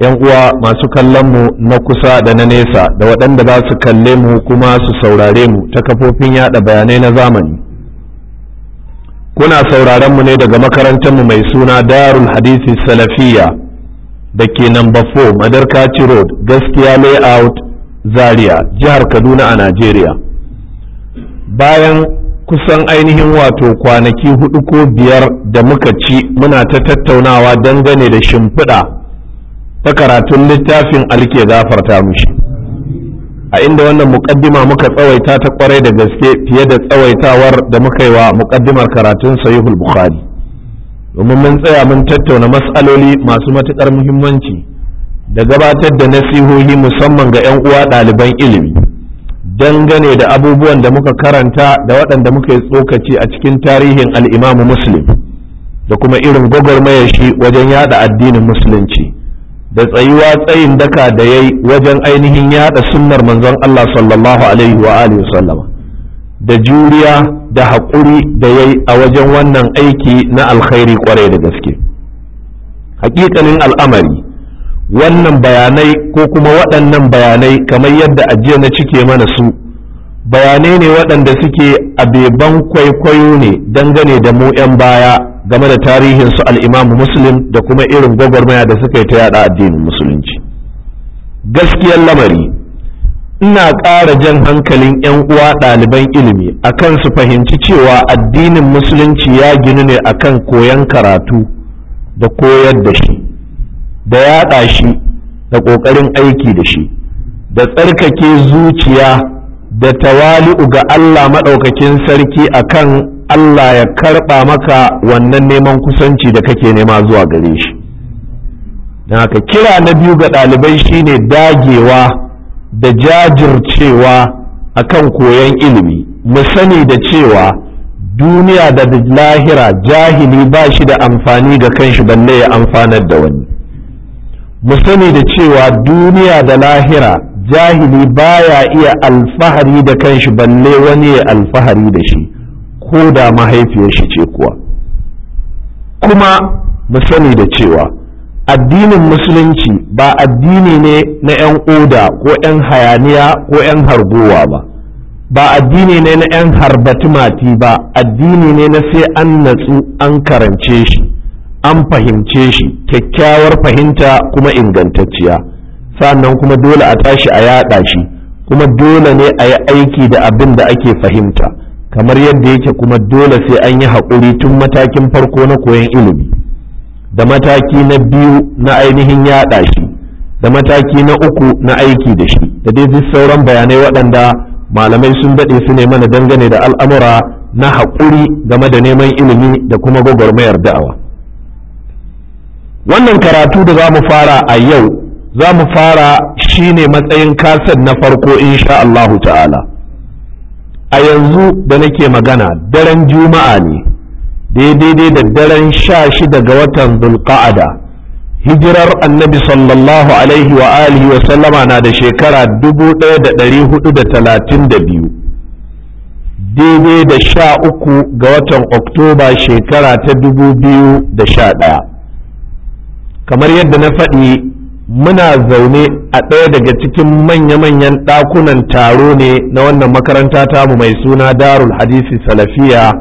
yan uwa masu kallon mu na kusa da na nesa da waɗanda za su kalle mu kuma su saurare mu ta kafofin yaɗa bayanai na zamani kuna sauraron mu ne daga makarantar mu mai suna darul hadisi salafiya da ke namba 4 madarkaci road gaskiya layout zaria jihar kaduna a najeriya bayan kusan ainihin wato kwanaki hudu ko biyar da muka ci muna ta tattaunawa dangane da shimfiɗa ta karatun littafin alke gafarta mushi a inda wannan mukaddima muka tsawaita ta kwarai da gaske fiye da tsawaitawar da muka yi wa mukaddimar karatun sahihul bukhari domin mun tsaya mun tattauna matsaloli masu matukar muhimmanci da gabatar da nasihohi musamman ga 'yan uwa ɗaliban ilimi dangane da abubuwan da muka karanta da waɗanda muka yi tsokaci a cikin tarihin al'imamu muslim da kuma irin gwagwarmayar shi wajen yada addinin musulunci da tsayuwa tsayin daka da yayi wajen ainihin yada sunnar manzon Allah sallallahu alaihi wa alihi sallama da juriya da haƙuri da yayi a wajen wannan aiki na alkhairi kwarai da gaske hakikanin al'amari wannan bayanai ko kuma waɗannan bayanai kamar yadda ajiya na cike mana su bayanai ne waɗanda suke abeban kwaikwayo ne dangane da mu 'yan baya game da tarihin su al'imamu musulun da kuma irin gwagwarmaya da suka yi ta yada addinin musulunci gaskiyar lamari ina ƙara jan hankalin 'yan uwa ɗaliban ilimi akan su fahimci cewa addinin musulunci ya ginu ne akan koyan karatu da koyar da shi da yaɗa shi da ƙoƙarin aiki da shi da tsarkake zuciya da tawali'u ga Allah maɗaukakin sarki a kan Allah ya karɓa maka wannan neman kusanci da kake nema zuwa gare shi don haka kira na biyu ga ɗalibai shine dagewa da jajircewa akan koyon ilimi mu sani da cewa duniya da lahira jahili ba shi da amfani ga kanshi balle ya amfanar da wani mu sani da cewa duniya da lahira jahili baya iya alfahari da kanshi balle wani ya alfahari da shi ko da mahaifiyar shi ce kuwa kuma mu sani da cewa addinin musulunci ba addini ne na 'yan oda ko 'yan hayaniya ko 'yan harbowa ba ba addini ne na 'yan harbatumati ba addini ne na sai an natsu an karance shi an fahimce shi kyakkyawar fahimta kuma ingantacciya sannan kuma dole a tashi a yaɗa shi kuma dole ne a yi aiki da abin da ake fahimta kamar yadda yake kuma dole sai an yi haƙuri tun matakin farko na koyon ilimi da mataki na biyu na ainihin yaɗa shi da mataki na uku na aiki da shi da dai duk sauran bayanai waɗanda malamai sun daɗe su ne mana dangane da al'amura na haƙuri game da neman ilimi da kuma gwagwarmayar da'awa wannan karatu da za mu fara a yau za mu fara shi ne matsayin kasar na farko insha Allahu ta'ala a yanzu da nake magana daren juma'a ne daidai da daren sha shida ga watan zulqa'ada hijirar annabi sallallahu alaihi wa alihi wa sallama na da shekara dubu ɗaya da ɗari hudu da talatin da biyu daidai da sha uku ga watan oktoba shekara ta dubu biyu da sha ɗaya kamar yadda na faɗi muna zaune a ɗaya daga cikin manya-manyan ɗakunan taro ne na wannan makaranta mu mai suna darul hadisi salafiya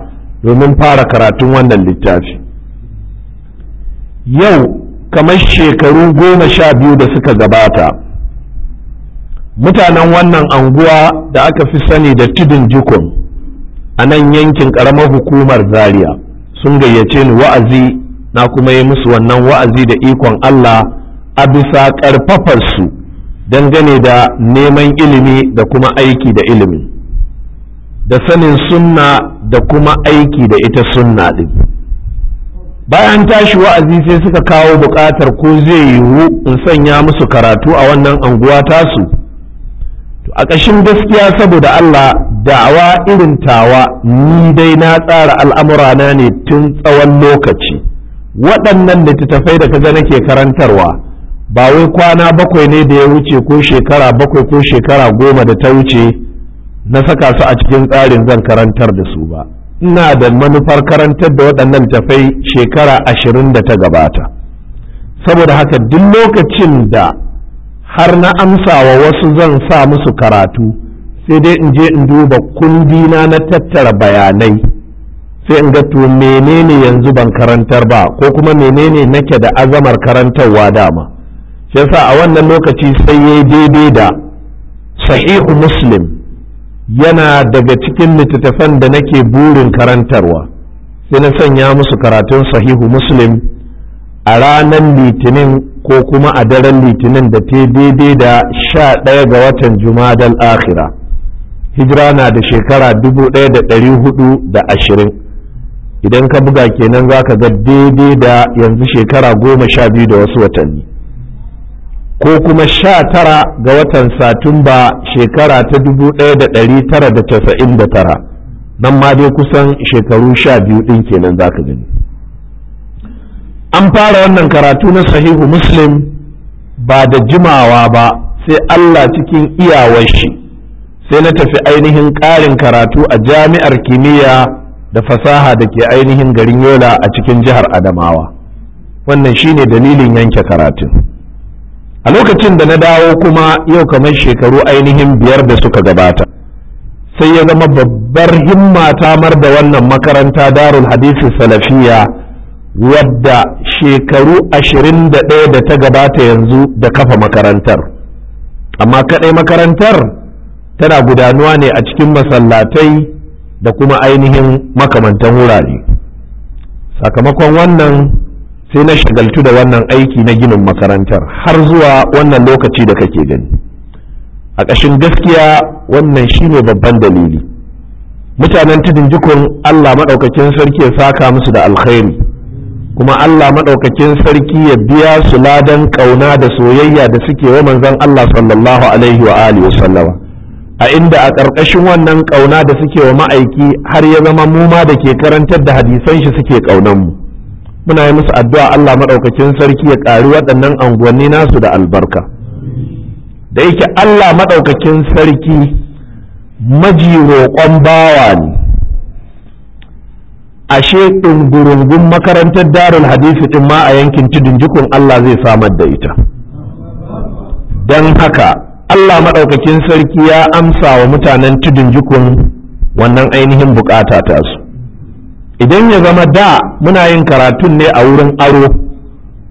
domin fara karatun wannan littafi yau kamar shekaru goma sha biyu da suka gabata mutanen wannan anguwa da aka fi sani da tudun jikun a nan yankin ƙaramar hukumar zaria sun gayyace ni wa'azi na kuma yi musu wannan wa'azi da ikon allah a bisa ƙarfafarsu dangane da neman ilimi da kuma aiki da ilimi da sanin sunna da kuma aiki da ita sunna ɗin bayan tashi wa'azi sai suka kawo buƙatar ko zai yiwu in sanya musu karatu a wannan anguwa tasu a ƙashin gaskiya saboda Allah da'awa irin tawa ni dai na tsara al'amurana ne tun tsawon lokaci waɗannan littattafai da kaga nake karantarwa ba wai kwana bakwai ne da ya wuce ko shekara bakwai ko shekara goma da ta wuce na saka su a cikin tsarin zan karantar da su ba ina da manufar karantar da waɗannan tafai shekara ashirin da ta gabata saboda haka duk lokacin da har na amsa wa wasu zan sa musu karatu sai dai in je in duba kundina na tattara bayanai sai in ga to menene yanzu ban karantar ba ko kuma menene nake da azamar karantarwa dama yasa a wannan lokaci sai ya daidai da sahihu muslim yana daga cikin littattafan da nake burin karantarwa sai na sanya musu karatun sahihu muslim a ranar litinin ko kuma a daren litinin da ta daidai da sha ɗaya ga watan jumadal akhira hijira na da shekara dubu ɗaya da ɗari hudu da ashirin idan ka buga kenan za ka ga daidai da yanzu shekara goma sha biyu da wasu watanni ko kuma sha tara ga watan satumba shekara ta dubu ɗaya da ɗari tara da casa'in da tara nan ma dai kusan shekaru sha biyu ɗin kenan za ka gani an fara wannan karatu na sahihu muslim ba da jimawa ba sai allah cikin iyawar shi sai na tafi ainihin ƙarin karatu a jami'ar kimiyya da fasaha da ke ainihin garin yola a cikin jihar adamawa wannan shine dalilin yanke karatun a lokacin da na dawo kuma yau kamar shekaru ainihin biyar da suka gabata sai ya zama babbar himma tamar da wannan makaranta darul hadisi salafiya wadda shekaru ashirin da ɗaya da ta gabata yanzu da kafa makarantar amma kaɗai makarantar tana gudanuwa ne a cikin masallatai da kuma ainihin makamantan wurare sakamakon wannan sai na shagaltu da wannan aiki na ginin makarantar har zuwa wannan lokaci da kake gani a ƙashin gaskiya wannan shine babban dalili mutanen tudun jikun allah maɗaukakin sarki ya saka musu da alkhairi kuma allah maɗaukakin sarki ya biya su ladan ƙauna da soyayya da suke wa manzon allah sallallahu alaihi wa alihi sallama a inda a ƙarƙashin wannan ƙauna da suke wa ma'aiki har ya zama mu ma da ke karantar da hadisan shi suke ƙaunanmu. mu muna yi musu addu'a Allah maɗaukakin sarki ya ƙari waɗannan anguwanni nasu da albarka da yake Allah maɗaukakin sarki maji roƙon bawa ne ashe ɗungurungun makarantar darul hadisi ɗin ma a yankin tudun jikun Allah zai samar da ita don haka Allah maɗaukakin sarki ya amsa wa mutanen tudun jikun wannan ainihin bukata tasu idan ya zama da muna yin karatun ne a wurin aro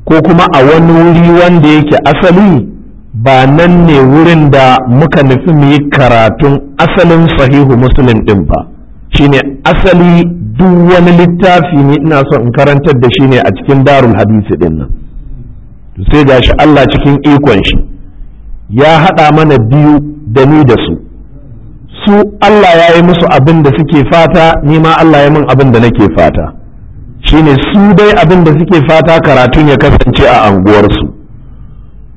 ko kuma a wani wuri wanda yake asali ba nan ne wurin da muka nufi mu yi karatun asalin sahihu muslim ɗin ba shine asali duk wani littafi ne ina son in karantar da shi ne a cikin darul hadisi din nan sai shi Allah cikin ikon shi ya haɗa mana biyu da ni da su su Allah ya yi musu abin da suke fata ni ma Allah ya min abin da nake fata shine su dai abin da suke fata karatun ya kasance a anguwarsu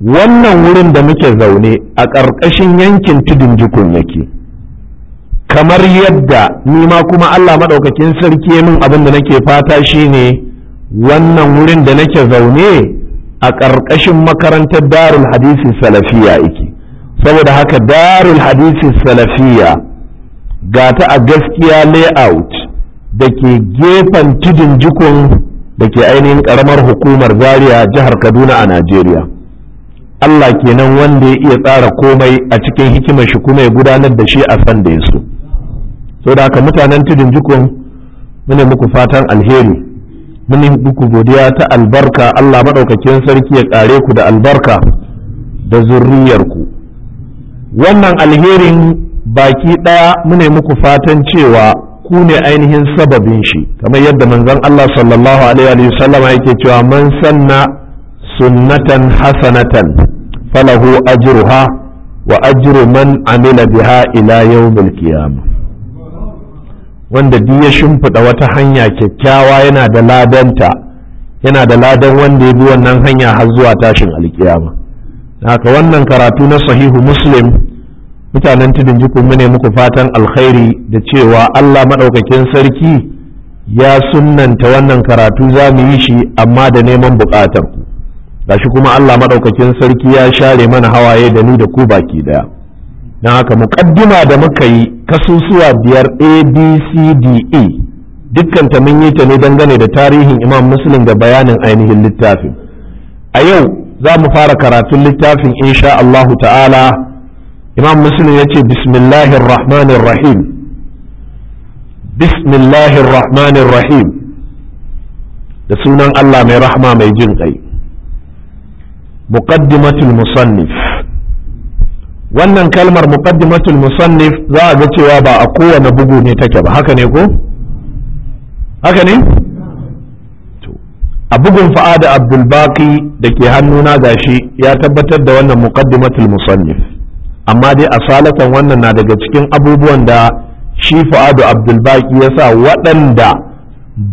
wannan wurin da muke zaune a ƙarƙashin yankin tudun jikun yake kamar yadda ni ma kuma Allah maɗaukakin sarki ya min abin da nake fata shine wannan wurin da nake zaune a ƙarƙashin makarantar darul hadisi salafiya yake saboda haka darul hadisi salafiya ga ta a gaskiya layout da ke gefen tudun jikun da ke ainihin karamar hukumar zaria jihar kaduna a najeriya allah kenan wanda ya iya tsara komai a cikin hikimar shi kuma ya gudanar da shi a san da ya so saboda haka mutanen tudun jikun mune muku fatan alheri mune muku godiya ta albarka allah maɗaukakin sarki ya ƙare ku da albarka da zurriyarku wannan alherin baki ɗaya mune muku fatan cewa ku ne ainihin sababin shi kamar yadda manzon Allah sallallahu alaihi wa sallam yake cewa man sanna sunnatan hasanatan falahu ajruha wa ajru man amila biha ila yawmil qiyamah wanda duk ya shimfiɗa wata hanya kyakkyawa yana da ladanta yana da ladan wanda ya bi wannan hanya har zuwa tashin alkiyama haka wannan karatu na sahihu muslim mutanen tudun jikun mu ne muku fatan alkhairi da cewa Allah maɗaukakin sarki ya sunnanta wannan karatu za mu yi shi amma da neman buƙatar ku gashi kuma Allah maɗaukakin sarki ya share mana hawaye da ni da ku baki daya Na haka muƙaddima da muka yi kasusuwa biyar a b c e, dukkanta mun yi ta ne dangane da tarihin imam muslim da bayanin ainihin littafin a yau za mu fara karatun littafin insha Allahu ta'ala imam muslim ya ce bismillahir rahmanir rahim bismillahir rahmanir rahim da sunan Allah mai rahma mai jin kai muqaddimatul musannif wannan kalmar muqaddimatul musannif za a ga cewa ba a kowane bugu ne take ba haka ne ko haka ne a bugun fa'ada abdul da ke hannuna gashi ya tabbatar da wannan muqaddimatul musannif amma dai asalatan wannan na daga cikin abubuwan da shi fa'adu abdulbaki ya sa waɗanda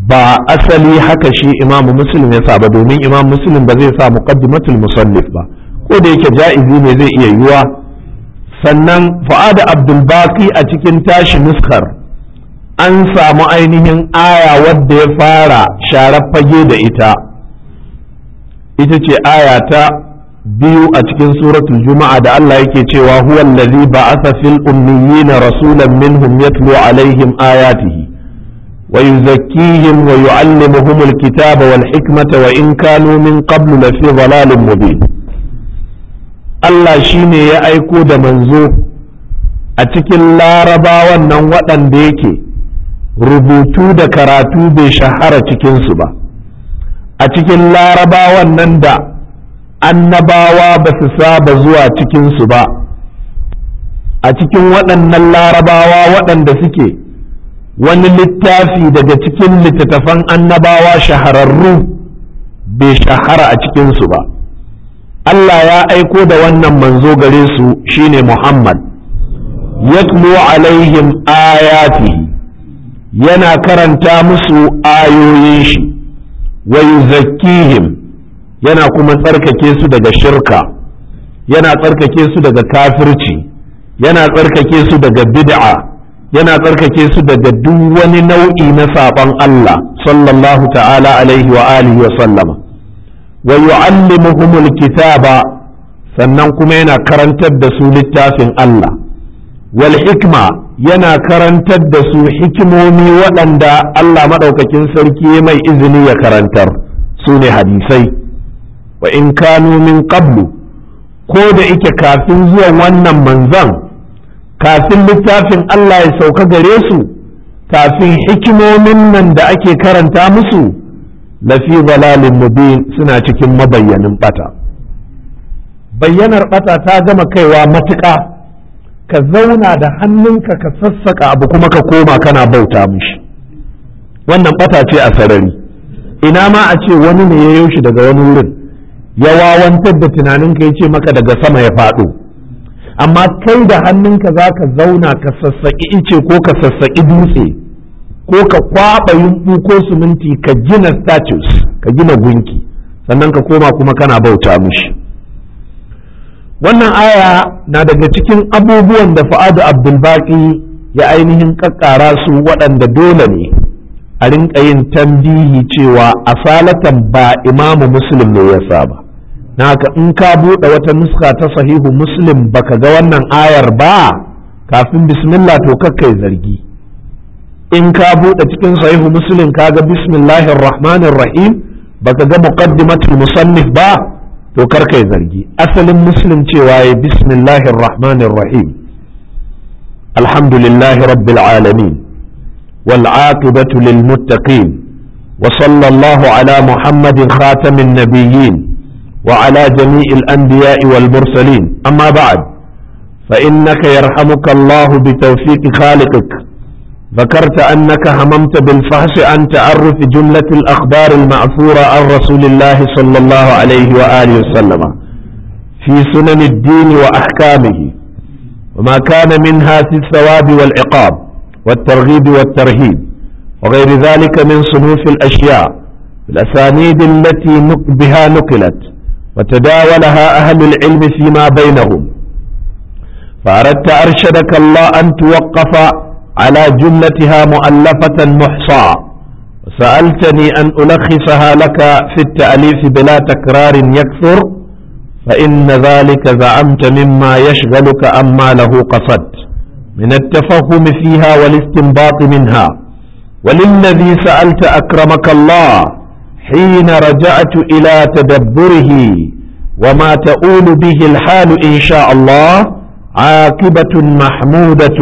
ba asali haka shi imamu muslim ya sa ba domin imam muslim ba zai sa muqaddimatul musallif ba ko da yake ja'izi ne zai iya yiwuwa? sannan fu'adu abdulbaki a cikin tashi nuskar an samu ainihin aya wadda ya fara sharar fage da ita ita ce aya ta biyu a cikin suratul juma'a da Allah yake cewa huwa allazi ba'atha fil ummiyina rasulan minhum yatlu alaihim ayatihi wa yuzakkihim wa yu'allimuhumul kitaba wal hikmata wa in kanu min qablu lafi dhalalin mubin Allah shine ya aiko da manzo a cikin larabawan nan waɗanda yake rubutu da karatu bai shahara cikinsu ba a cikin larabawan nan da annabawa ba su saba zuwa cikinsu ba a cikin waɗannan larabawa waɗanda suke wani littafi daga cikin littattafan annabawa shahararru bai shahara a cikinsu ba Allah ya aiko da wannan manzo gare su shine Muhammad yatlu alaihim ayatihi yana karanta musu ayoyin shi wa yuzakkihim yana kuma tsarkake su daga shirka yana tsarkake su daga kafirci yana tsarkake su daga bid'a yana tsarkake su daga duk wani nau'i na saban Allah sallallahu ta'ala alaihi wa alihi wa sallama wa yu'allimuhumul kitaba sannan kuma yana karantar da su littafin Allah wal hikma yana karantar da su hikimomi waɗanda Allah maɗaukakin sarki mai izini ya karantar sune hadisai wa in kanu min qablu ko da ike kafin zuwan wannan manzan kafin littafin Allah ya sauka gare su kafin hikimomin nan da ake karanta musu lafi dalalin mubin suna cikin mabayyanin bata bayyanar bata ta gama kaiwa matuƙa ka zauna da hannunka ka sassaka abu kuma ka koma kana bauta mishi wannan bata ce a sarari ina ma a ce wani ne ya shi daga wani wurin ya wawantar da tunaninka ya ce maka daga sama ya faɗo amma kai da hannunka za ka zauna ka sassaƙi ice ko ka sassaƙi dutse ko ka kwaɓa yumɓu ko siminti ka gina status ka gina gunki sannan ka koma kuma kana bauta mushi wannan aya na daga cikin abubuwan da fa'adu abdulbaki ya ainihin kakkara su waɗanda dole ne a rinka yin tambihi cewa asalatan ba imamu muslim ne ya saba na haka in ka buɗe wata nuska ta sahihu muslim baka ga wannan ayar ba kafin bismillah to kakkai zargi in ka buɗe cikin sahihu muslim ka ga bismillahir rahmanir rahim baka ga muqaddimatul musannif ba to karkai zargi asalin muslim cewa ya bismillahir rahmanir rahim alhamdulillahi rabbil alamin والعاقبة للمتقين وصلى الله على محمد خاتم النبيين وعلى جميع الأنبياء والمرسلين أما بعد فإنك يرحمك الله بتوفيق خالقك ذكرت أنك هممت بالفحص عن تعرف جملة الأخبار المعثورة عن رسول الله صلى الله عليه وآله وسلم في سنن الدين وأحكامه وما كان منها في الثواب والعقاب والترغيب والترهيب وغير ذلك من صنوف الأشياء بالأسانيد التي بها نقلت وتداولها أهل العلم فيما بينهم فأردت أرشدك الله أن توقف على جملتها مؤلفة محصى وسألتني أن ألخصها لك في التأليف بلا تكرار يكثر فإن ذلك زعمت مما يشغلك أما له قصدت من التفهم فيها والاستنباط منها وللذي سألت أكرمك الله حين رجعت إلى تدبره وما تؤول به الحال إن شاء الله عاقبة محمودة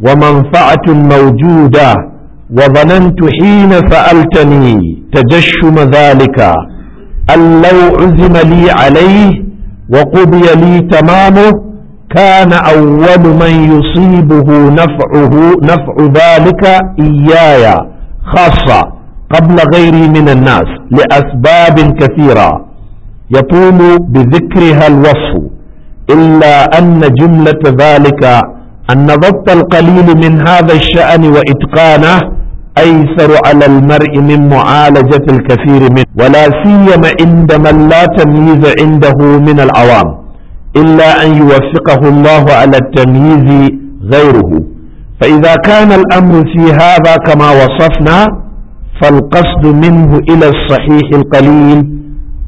ومنفعة موجودة وظننت حين سألتني تجشم ذلك أن لو عزم لي عليه وقضي لي تمامه كان أول من يصيبه نفعه نفع ذلك إياي خاصة قبل غيري من الناس لأسباب كثيرة يطول بذكرها الوصف إلا أن جملة ذلك أن ضبط القليل من هذا الشأن وإتقانه أيسر على المرء من معالجة الكثير منه ولا سيما عند من لا تمييز عنده من العوام إلا أن يوفقه الله على التمييز غيره فإذا كان الأمر في هذا كما وصفنا فالقصد منه إلى الصحيح القليل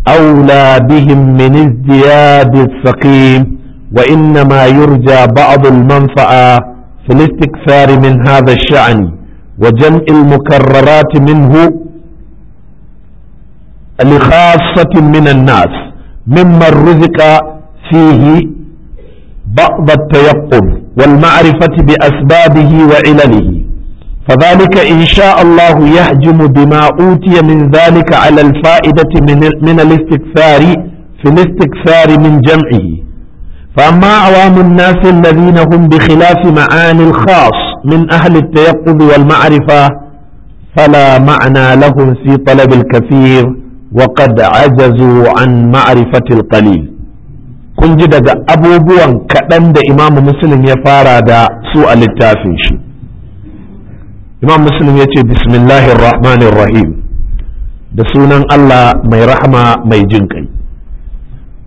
أولى بهم من ازدياد السقيم وإنما يرجى بعض المنفعة في الاستكثار من هذا الشأن وجمع المكررات منه لخاصة من الناس ممن رزق فيه بعض التيقن والمعرفة بأسبابه وعلله فذلك إن شاء الله يهجم بما أوتي من ذلك على الفائدة من الاستكثار في الاستكثار من جمعه فأما عوام الناس الذين هم بخلاف معاني الخاص من أهل التيقظ والمعرفة فلا معنى لهم في طلب الكثير وقد عجزوا عن معرفة القليل kun ji daga abubuwan kaɗan da imamu muslim ya fara da su a littafin shi imam muslim ya ce bismillahir rahmanir rahim da sunan allah mai rahama mai jin kai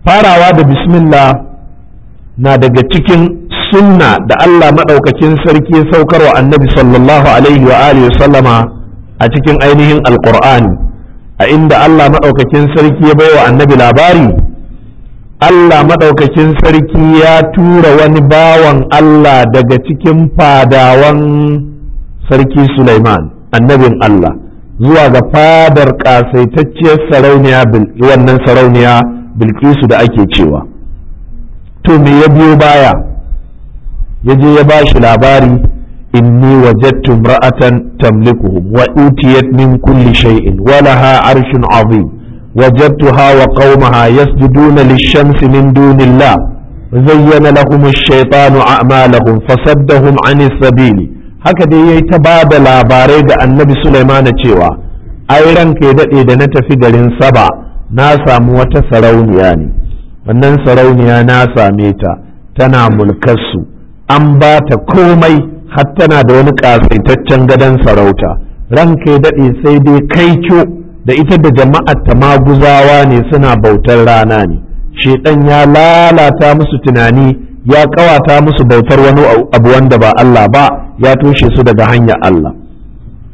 farawa da bismillah na daga cikin sunna da allah maɗaukakin sarki ya saukarwa annabi sallallahu alaihi wa alihi sallama a cikin ainihin alqur'ani a inda allah maɗaukakin sarki ya baiwa annabi labari Allah Madaukakin sarki ya tura wani bawan Allah daga cikin fadawan sarki Sulaiman annabin Allah zuwa ga fadar ƙasaitacciyar sarauniya wannan sarauniya bilkisu da ake cewa to me ya biyo baya ya je ya bashi labari inni wajadtu imra'atan tamlikuhum wa utiyat min kulli shay'in wa laha arshun azim Wajen وجدتها وقومها يسجدون للشمس من دون الله زين لهم الشيطان أعمالهم فصدهم عن السبيل هكذا يتباب labarai da annabi Sulaiman cewa ai ran ya daɗe da na tafi garin saba na samu wata sarauniya ne wannan sarauniya na same ta tana mulkarsu an ba ta komai har tana da wani ƙasaitaccen gadon sarauta ran ya daɗe sai dai kai kyo da ita da jama'ar ta maguzawa ne suna bautar rana ne shedan ya lalata musu tunani ya kawata musu bautar wani abu wanda ba Allah ba ya toshe su daga hanyar Allah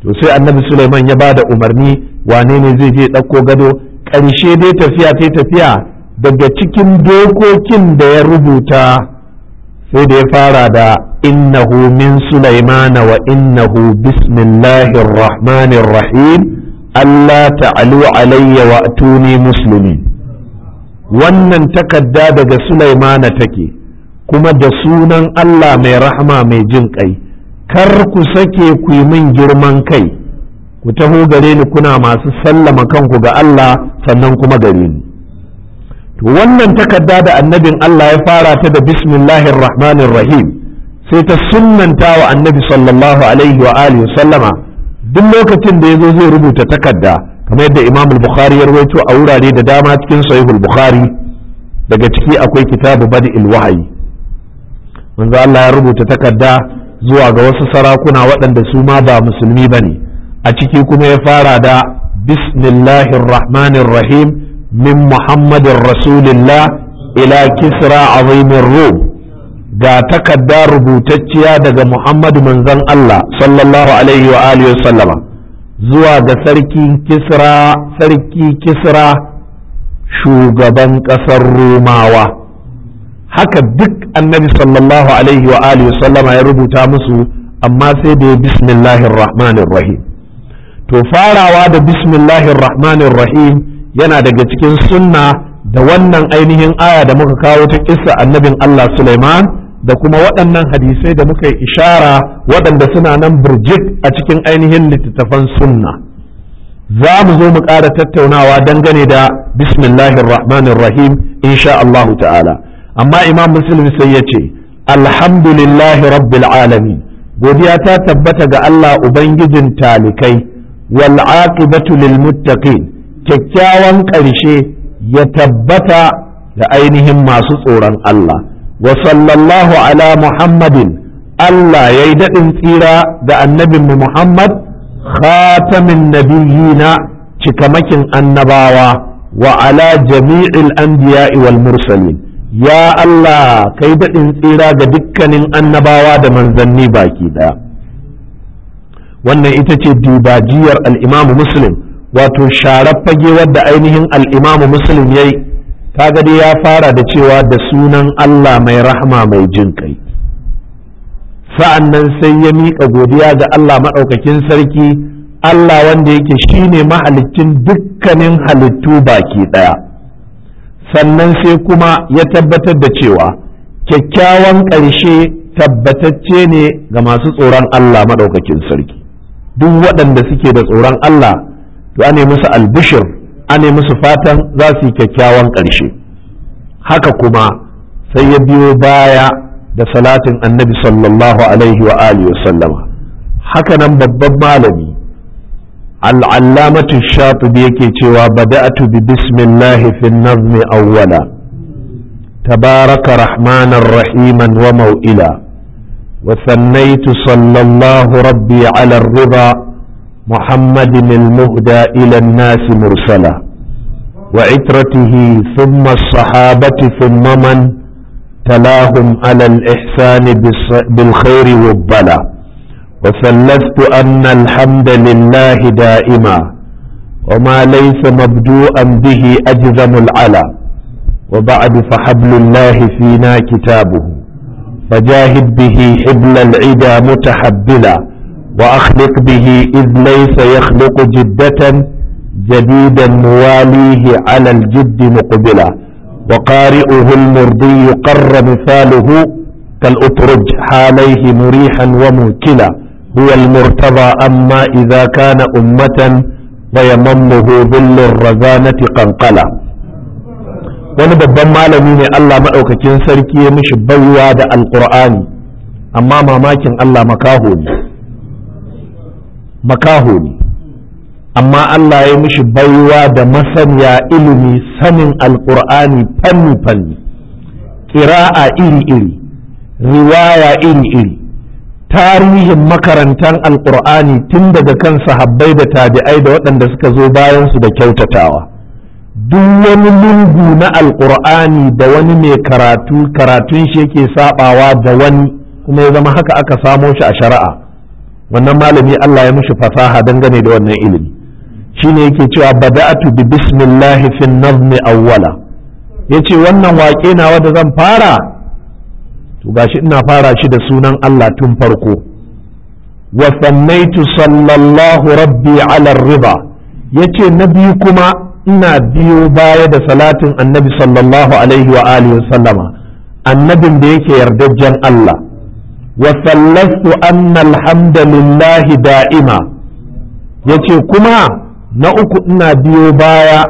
to sai annabi Sulaiman ya bada umarni wane ne zai je ɗauko gado Karshe dai tafiya ta tafiya daga cikin dokokin da ya rubuta sai da ya fara da innahu min Sulaimana wa innahu bismillahir rahmanir rahim Allah ta'alu alayya wa tuni muslimin wannan takarda daga Sulaimana take kuma da sunan Allah mai rahama mai jin kai kar ku sake ku yi min girman kai ku taho gare ni kuna masu sallama kanku ga Allah sannan kuma gare ni to wannan takarda da annabin Allah ya fara ta da bismillahir rahim sai ta sunnanta wa annabi sallallahu alaihi wa alihi sallama duk lokacin da ya zo zai rubuta takarda kamar yadda imam bukhari ya rawaito a wurare da dama cikin al bukhari daga ciki akwai kitabu bad'il wahayi manzo Allah ya rubuta takarda zuwa ga wasu sarakuna waɗanda su ma ba musulmi bane a ciki kuma ya fara da bismillahir rahmanir rahim min muhammadin rasulillah ila kisra azimin rum ga takarda rubutacciya daga Muhammadu manzon Allah sallallahu alaihi wa alihi sallama zuwa ga sarki Kisra sarki Kisra shugaban ƙasar Romawa haka duk annabi sallallahu alaihi wa alihi sallama ya rubuta musu amma sai da bismillahir rahmanir to farawa da bismillahir yana daga cikin sunna da wannan ainihin aya da muka kawo ta kissa annabin Allah Sulaiman da kuma waɗannan hadisai da muka yi ishara waɗanda suna nan birjit a cikin ainihin littattafan sunna za mu zo mu ƙara tattaunawa dangane da bismillahir rahmanir rahim insha Allah ta'ala amma imam muslim sai ya ce alhamdulillahi rabbil alamin godiya ta tabbata ga Allah ubangijin talikai wal aqibatu lil muttaqin kyakkyawan ƙarshe ya tabbata da ainihin masu tsoron Allah wa sallallahu ala muhammadin Allah ya yi daɗin tsira ga annabinmu Muhammad khatamin nabiyina cikamakin annabawa wa ala jami'il anbiya'i wal ya Allah kai daɗin tsira ga dukkanin annabawa da manzanni baki ɗaya wannan ita ce dibajiyar al'imamu muslim wato sharar fage wadda ainihin al'imamu muslim yayi. kaga dai ya fara da cewa da sunan Allah mai rahama mai jin kai sa'an nan sai ya miƙa godiya ga Allah maɗaukakin sarki Allah wanda yake ne mahalittin dukkanin halittu baki ɗaya sannan sai kuma ya tabbatar da cewa kyakkyawan ƙarshe tabbatacce ne ga masu tsoron Allah maɗaukakin sarki duk waɗanda suke da tsoron Allah to ne musu albishir ane musu fatan za su yi kyakkyawan ƙarshe haka kuma sai ya biyo baya da salatin annabi sallallahu alaihi wa alihi sallama haka nan babban malami al'allamatu shatubi yake cewa bada'atu bi bismillahi fi nazmi awwala tabaraka rahmanan rahiman wa mau'ila وثنيت صلى الله ربي محمد المهدى إلى الناس مرسلا وعترته ثم الصحابة ثم من تلاهم على الإحسان بالخير والبلا وثلثت أن الحمد لله دائما وما ليس مبدوءا به أجزم العلا وبعد فحبل الله فينا كتابه فجاهد به حبل العدا متحبلا وأخلق به إذ ليس يخلق جدة جديدا مواليه على الجد مقبلا وقارئه المرضي قر مثاله كالأترج حاليه مريحا وموكلا هو المرتضى أما إذا كان أمة ويممه ظل الرزانة قنقلا wani babban malami ne Allah maɗaukakin sarki ya mishi baiwa da alƙur'ani amma mamakin Allah makaho ne makaho ne amma Allah ya mishi baiwa da masaniya ilimi sanin alkur'ani fanni-fanni ƙira'a iri-iri riwaya iri-iri tarihin makarantan alkur'ani tun daga kan sahabbai da tabi'ai da waɗanda suka zo bayansu da kyautatawa duk wani lungu na alkur'ani da wani mai karatu karatun shi yake sabawa da wani kuma ya zama haka aka samo shi a shari'a wannan malami Allah ya mishi fasaha dangane da wannan ilimi shine yake cewa bada'atu bi bismillahi fi nazm awwala yace wannan waƙe nawa da zan fara to gashi ina fara shi da sunan Allah tun farko wa sannaitu sallallahu rabbi ala riba yace na biyu kuma ina biyo baya da salatin annabi sallallahu alaihi wa alihi sallama annabin da yake yardajjen Allah وثلثت أن alhamdulillah da'ima yace kuma na uku ina biyo baya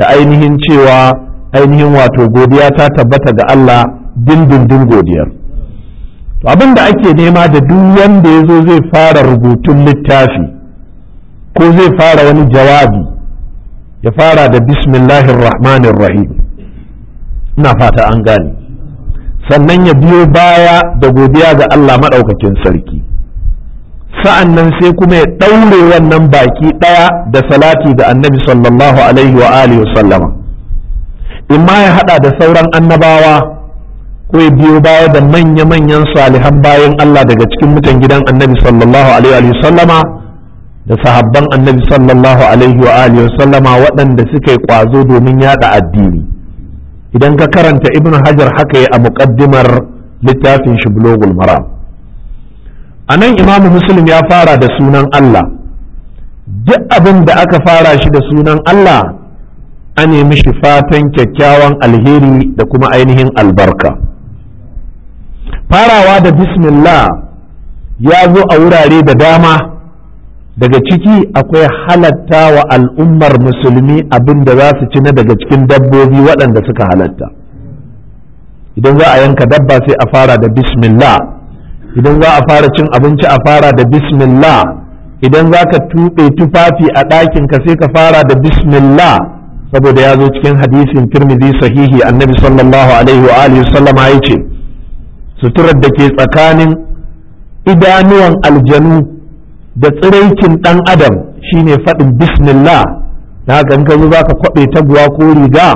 da ainihin cewa ainihin wato godiya ta tabbata ga Allah dindindin godiyar to abin da ake nema da duk wanda ya zo zai fara rubutun littafi ko zai fara wani jawabi ya fara da bismillahir rahmanir rahim ina fata an gane sannan ya biyo baya da godiya ga Allah maɗaukakin sarki sa'an nan sai kuma ya ɗaure wannan baki ɗaya da salati ga annabi sallallahu alaihi wa alihi sallama in ma ya haɗa da sauran annabawa ko ya biyo baya da manya-manyan salihan bayan Allah daga cikin mutan gidan annabi sallallahu alaihi wa sallama da sahabban annabi sallallahu alaihi wa alihi sallama waɗanda suka yi ƙwazo domin yaɗa addini idan ka karanta ibn hajar haka ya a muƙaddimar littafin shi bulogul maram a nan imamu muslim ya fara da sunan allah duk abin da aka fara shi da sunan allah a nemi shi fatan kyakkyawan alheri da kuma ainihin albarka farawa da bismillah ya zo a wurare da dama daga ciki akwai halatta wa al'ummar musulmi abin da za su ci na daga cikin dabbobi waɗanda suka halatta idan za a yanka dabba sai a fara da bismillah idan za a fara cin abinci a fara da bismillah idan za ka tuɓe tufafi a ɗakinka sai ka fara da bismillah saboda ya zo cikin hadisin tirmidhi sahihi annabi sallallahu alaihi wa alihi sallama ya ce suturar da ke tsakanin idanuwan aljanu da tsiraikin ɗan adam shine faɗin bismillah na haka in ka zo kwaɓe taguwa ko riga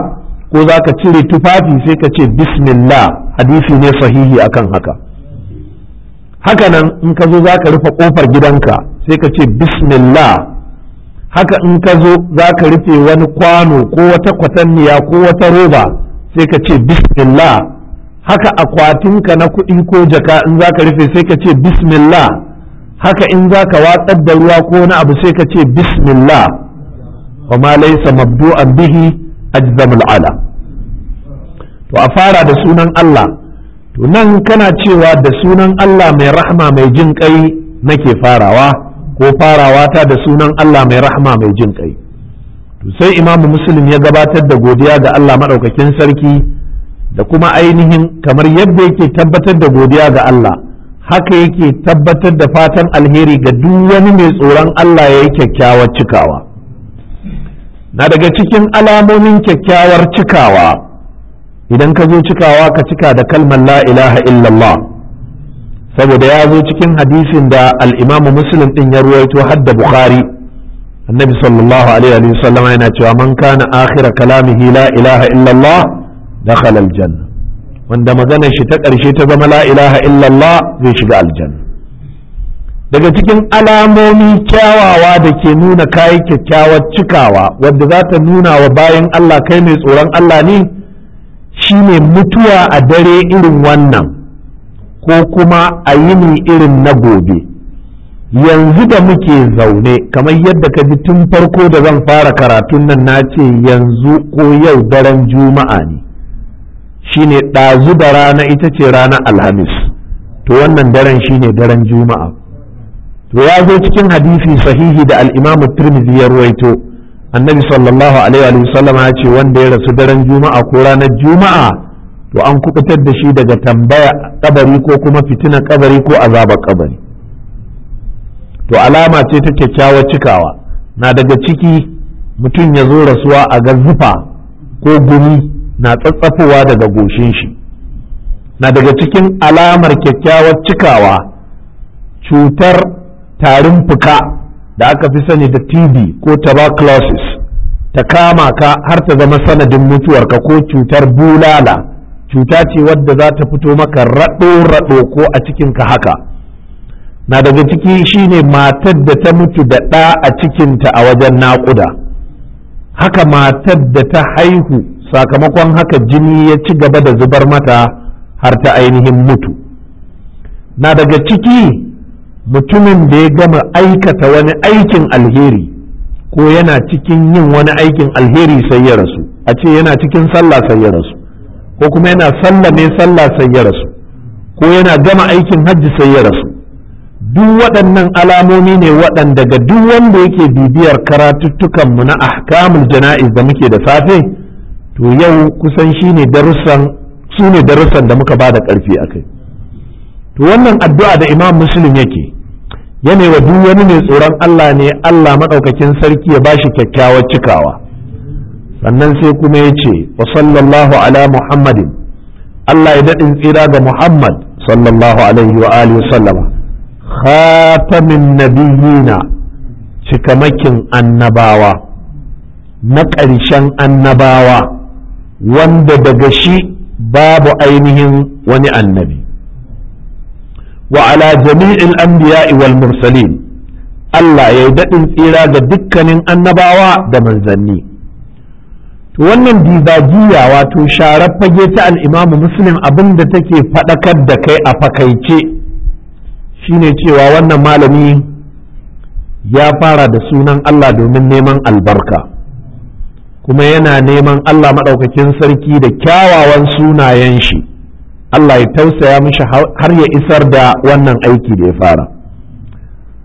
ko za ka cire tufafi sai ka ce bismillah hadisi ne sahihi akan haka haka nan in ka zo za ka rufe ƙofar gidanka sai ka ce bismillah haka in ka zo za ka rufe wani kwano ko wata kwatanniya ko wata roba sai ka ce bismillah haka akwatinka na kuɗi ko jaka in za ka rufe sai ka ce bismillah haka in za ka watsar da ruwa ko wani abu sai ka ce bismillah wa ma laysa mabdu'an bihi ajzamul ala to a fara da sunan Allah to nan kana cewa da sunan Allah mai rahma mai jin kai nake farawa ko farawa ta da sunan Allah mai rahma mai jin kai to sai imamu muslim ya gabatar da godiya ga Allah madaukakin sarki da kuma ainihin kamar yadda yake tabbatar da godiya ga Allah haka yake tabbatar da fatan alheri ga duk wani mai tsoron Allah ya yi kyakkyawar cikawa na daga cikin alamomin kyakkyawar cikawa idan ka zo cikawa ka cika da kalmar la ilaha illallah saboda ya zo cikin hadisin da al'imamu musulun ɗin ya ruwaito hadda bukhari annabi sallallahu alaihi wa sallama yana cewa man kana akhira kalamihi la ilaha illallah dakhala aljanna wanda maganar shi ta ƙarshe ta zama la ilaha illallah zai shiga aljanna daga cikin alamomi kyawawa da ke nuna kayi kyakkyawar cikawa wanda za ta nuna wa bayan Allah kai mai tsoron Allah ne shi ne mutuwa a dare irin wannan ko kuma a yini irin na gobe yanzu da muke zaune kamar yadda ka ji tun farko da zan fara karatun nan na ce yanzu ko yau daren juma'a ne shine ɗazu da rana ita ce ranar alhamis to wannan daren shine daren juma'a to ya zo cikin hadisi sahihi da al-imam tirmidhi ya ruwaito annabi sallallahu alaihi wa sallam ya ce wanda ya rasu daren juma'a ko ranar juma'a to an kubutar da shi daga tambaya kabari ko kuma fitina kabari ko azaba kabari to alama ce ta kyakkyawar cikawa na daga ciki mutum ya zo rasuwa a ga zufa ko gumi na tsatsafowa daga goshin shi na daga cikin alamar kyakkyawar cikawa cutar tarin fuka da aka fi sani da tb ko tuberculosis ta kama ka har ta zama sanadin mutuwarka ko cutar bulala cuta ce wadda za ta fito maka raɗo-raɗo ko a cikinka haka na daga ciki shine matar da ta mutu da ɗa a cikinta a wajen naƙuda haka matar da ta haihu sakamakon haka jini ya ci gaba da zubar mata har ta ainihin mutu na daga ciki mutumin da ya gama aikata wani aikin alheri ko yana cikin yin wani aikin alheri sai ya rasu a ce yana cikin sallah sai ya rasu ko kuma yana sallah ne sallah sai ya rasu ko yana gama aikin hajji sai ya rasu duk waɗannan alamomi ne waɗanda ga duk wanda yake bibiyar karatuttukanmu na ahkamul jana'iz da muke da safe to yau kusan shi ne darussan su ne darussan da muka ba da ƙarfi a kai to wannan addu'a da imam muslim yake yana wa duk wani mai tsoron Allah ne Allah maɗaukakin sarki ya bashi kyakkyawar cikawa sannan sai kuma ya ce wa sallallahu ala muhammadin Allah ya daɗin tsira ga muhammad sallallahu alaihi wa alihi sallama khatamin nabiyina cikamakin annabawa na ƙarshen annabawa wanda daga shi babu ainihin wani annabi wa ala jami'il anbiya'i wal mursalin Allah ya yi daɗin tsira ga dukkanin annabawa da manzanni to wannan dibajiya wato sharar fage ta al'imamu muslim abinda take faɗakar da kai a fakaice shine cewa wannan malami ya fara da sunan Allah domin neman albarka kuma yana neman Allah maɗaukakin sarki da kyawawan sunayen shi Allah ya tausaya mishi har ya isar da wannan aiki da ya fara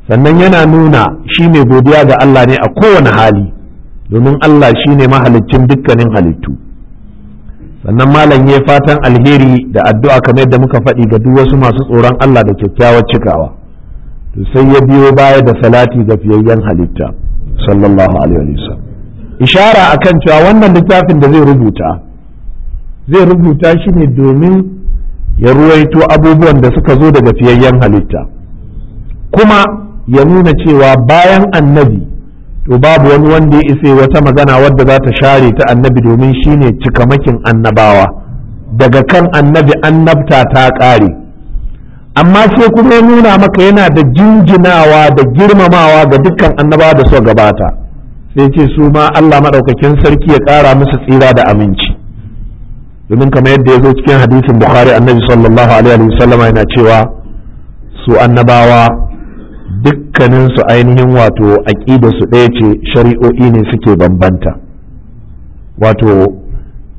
sannan yana nuna shi mai godiya ga Allah ne a kowane hali domin Allah shi ne mahalicin dukkanin halittu sannan malam ya fatan alheri da addu'a kamar yadda muka faɗi ga duk wasu masu tsoron Allah da kyakkyawar cikawa to sai ya biyo baya da salati ga fiyayyen halitta sallallahu alaihi wasallam ishara akan cewa wannan littafin da zai rubuta zai rubuta shi ne domin ya ruwaito abubuwan da suka zo daga fiyayyen halitta kuma ya nuna cewa bayan annabi to babu wani wanda ya isa wata magana wadda za ta share ta annabi domin shi ne cikamakin annabawa daga kan annabi annabta ta ƙare amma sai kuma ya nuna maka yana da jinjinawa da girmamawa ga dukkan annabawa da suka gabata sai ce su ma Allah maɗaukakin sarki ya ƙara musu tsira da aminci domin kamar yadda ya zo cikin hadisin bukhari annabi sallallahu alaihi sallama yana cewa su annabawa dukkanin su ainihin wato aƙida su ɗaya ce shari'o'i ne suke bambanta wato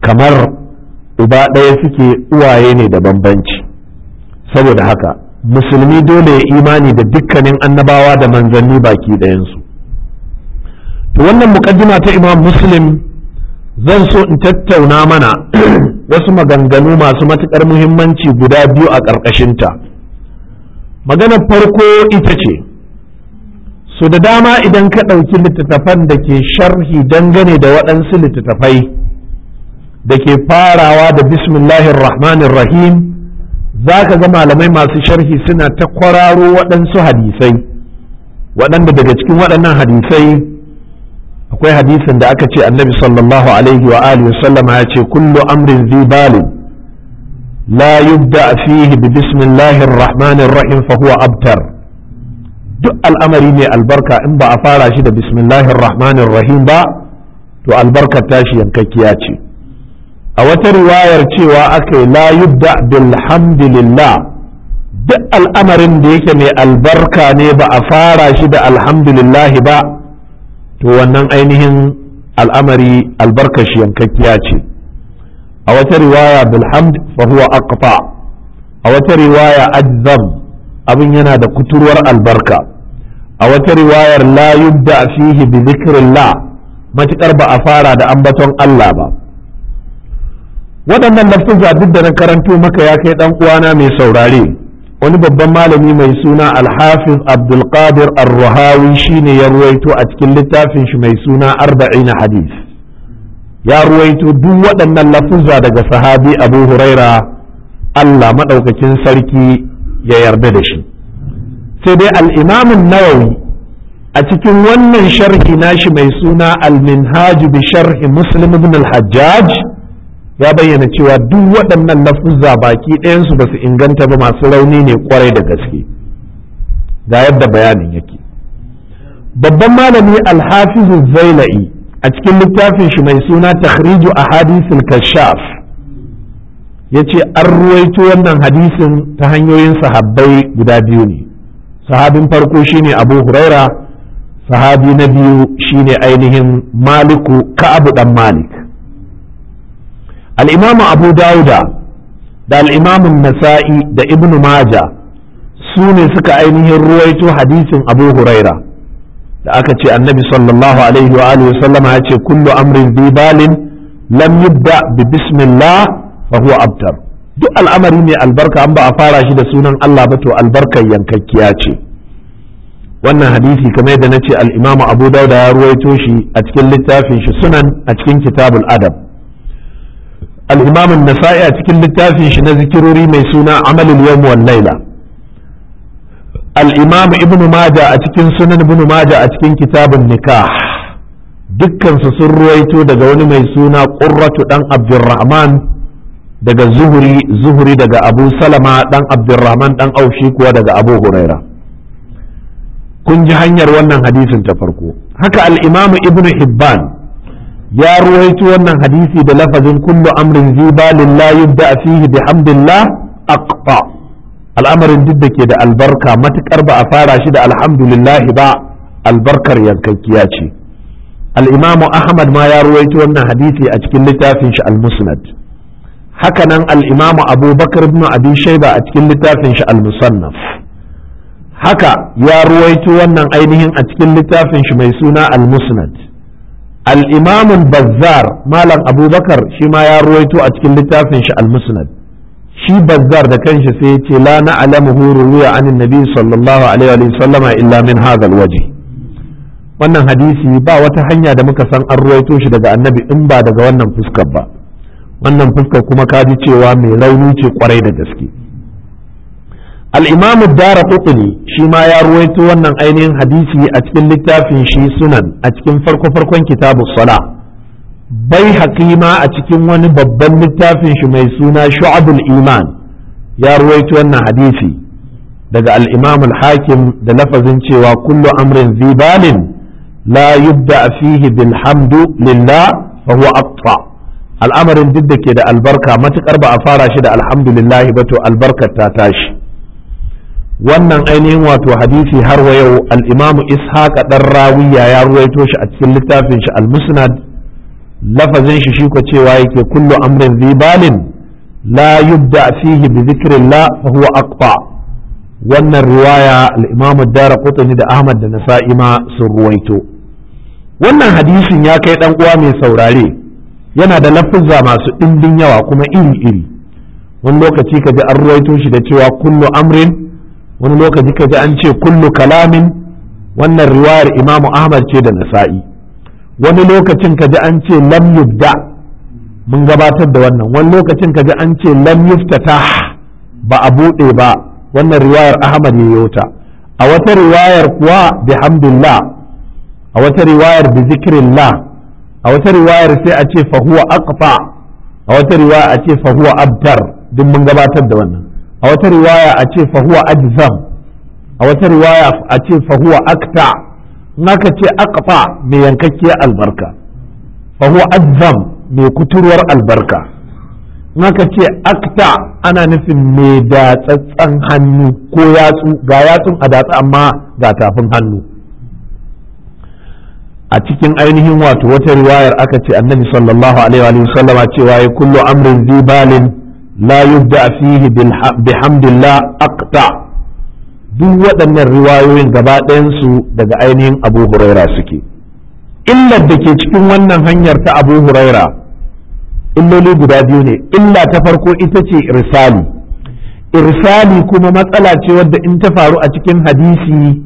kamar uba ɗaya suke uwaye ne da bambanci saboda haka musulmi dole ya imani da dukkanin annabawa da manzanni baki ɗayansu to wannan mukaddima ta imam muslim zan so in tattauna mana wasu maganganu masu matuƙar muhimmanci guda biyu a ƙarƙashinta maganar farko ita ce su da dama idan ka ɗauki littattafan da ke sharhi dangane da waɗansu littattafai da ke farawa da bismillahir rahmanir za ka ga malamai masu sharhi suna ta kwararo waɗansu hadisai waɗanda daga cikin waɗannan hadisai akwai hadisin da aka ce annabi sallallahu alaihi wa alihi ya ce kullu amrin balu. la yubda fihi bi bismillahir rahmanir rahim fa huwa abtar duk al'amari ne albarka in ba a fara shi da bismillahir rahmanir rahim ba to albarka tashi yankakkiya ce a wata riwayar cewa aka yi la yubda bilhamdulillah duk al'amarin da yake mai albarka ne ba a fara shi da alhamdulillah ba to wannan ainihin al'amari albarkashi yankakkiya ce a wata riwaya bilhamd fa akfa a wata riwaya ajzam abin yana da kuturwar albarka a wata riwayar la yubda fihi bi zikrillah matukar ba a fara da ambaton Allah ba waɗannan lafzan duk da na karanto maka ya kai dan uwana mai saurare wani babban malami mai suna alhafiz abdulkadir arruhawi shi shine ya ruwaito a cikin littafin shi mai suna arba'in hadis ya ruwaito duk waɗannan lafuzza daga sahabi abu huraira allah maɗaukakin sarki ya yarda da shi sai dai al'imamin nawawi a cikin wannan sharhi nashi mai suna al-minhaj bi sharhi muslim ibn al-hajjaj ya bayyana cewa duk waɗannan lafuzza baki ɗayansu ba su inganta ba masu rauni ne kwarai da gaske ga yadda bayanin yake babban malami alhafizu zailai a cikin littafin shi mai suna takhriju a hadisin kashaf ya ce an ruwaito wannan hadisin ta hanyoyin sahabbai guda biyu ne sahabin farko shine abu huraira sahabi na biyu shine ainihin maliku ka'abu dan malik al abu dauda da al'imamin Masa'i da ibnu maja su ne suka ainihin ruwaito hadisin abu huraira da aka ce annabi sallallahu ya ce kullu amrin bi balin lam bi bismillah fa abtar duk al'amari ne albarka an ba a fara shi da sunan Allah ba to albarkar yankakkiya ce wannan hadisi kamar da na ce imam Abu Dawud ya ruwaito shi a cikin littafin shi sunan a cikin kitabul Adam. al nasai a cikin littafin shi na zikirori mai suna amalul yawm wal layla al-imam ibnu majah a cikin sunan ibnu majah a cikin kitabun nikah dukkansu sun ruwaito daga wani mai suna ƙurratu ɗan abdurrahman daga zuhuri zuhuri daga abu salama dan abdurrahman dan aushi kuwa daga abu huraira kun ji hanyar wannan hadisin ta farko haka al'imamu ibnu hibban ya ruwaito wannan hadisi da lafazin kullu amrin zibalin la yubda fihi bihamdillah aqfa al'amarin duk da ke da albarka matukar ba a fara shi da alhamdulillah ba albarkar yankakkiya ce al'imamu ahmad ma ya ruwaito wannan hadisi a cikin littafin shi al-musnad hakanan al'imamu abubakar ibn abi shaiba a cikin littafin shi al-musannaf haka ya ruwaito wannan ainihin a cikin littafin shi mai suna al-musnad Al'imamin imam bazzar malam abubakar shi ma ya ruwaito a cikin littafin shi al shi bazzar da kanshi sai ya ce la na'lamuhu ruwiya Ani, nabi sallallahu alaihi wa sallama illa min hadha al wannan hadisi ba wata hanya da muka san an ruwaito shi daga annabi in ba daga wannan fuskar ba wannan fuskar kuma ka ji cewa mai rauni ce kwarai da gaske al'imamin dara ad-darqutni shi ma ya ruwaito wannan ainihin hadisi a cikin littafin shi sunan a cikin farko farkon kitabus sala bai haƙima a cikin wani babban littafin shi mai suna shu'abul iman ya ruwaito wannan hadisi daga al hakim da lafazin cewa kullu amrin zibalin la yubda fihi bilhamdu lillah fa huwa aqta al'amarin duk da ke da albarka matukar ba a fara shi da alhamdulillah ba to albarkar ta tashi wannan ainihin wato hadisi har wa yau al-imamu ishaq ɗan rawiya ya ruwaito shi a cikin littafin shi al-musnad lafazin shi shi ko cewa yake kullu amrin zibalin la yubda fihi bi dhikrillah fa huwa aqta wannan riwaya al-imam ad-darqutni da ahmad da nasa'i ma sun ruwaito wannan hadisin ya kai dan uwa mai saurare yana da lafuzza masu ɗimbin yawa kuma iri iri wani lokaci ka ji an ruwaito shi da cewa kullu amrin wani lokaci ka ji an ce kullu kalamin wannan riwayar imamu ahmad ce da nasa'i wani lokacin ka ji an ce lam yubda mun gabatar da wannan wani lokacin ka ji an ce lam yuftata ba a buɗe ba wannan riwayar ahmad ya yota a wata riwayar kuwa bihamdillah a wata riwayar bi zikrillah a wata riwayar sai a ce fahuwa aqfa a wata riwaya a ce fahuwa abtar duk mun gabatar da wannan a wata riwaya a ce fahuwa ajzam a wata riwaya a ce fahuwa akta naka ce akfa mai yankakkiyar albarka fahuwa ajzam mai kuturwar albarka naka ce akta ana nufin mai datsatsan hannu ko yatsu ga yatsun a datsa amma ga tafin hannu a cikin ainihin wato wata riwayar aka ce annabi sallallahu alaihi wa sallama cewa ya kullu amrin zibalin يبدا فيه fihi bihamdillah اقطع duk waɗannan riwayoyin gaba ɗayansu daga ainihin abu huraira suke illar da ke cikin wannan hanyar ta abu huraira illoli guda biyu ne illa ta farko ita ce irsali irsali kuma matsala ce wadda in ta faru a cikin hadisi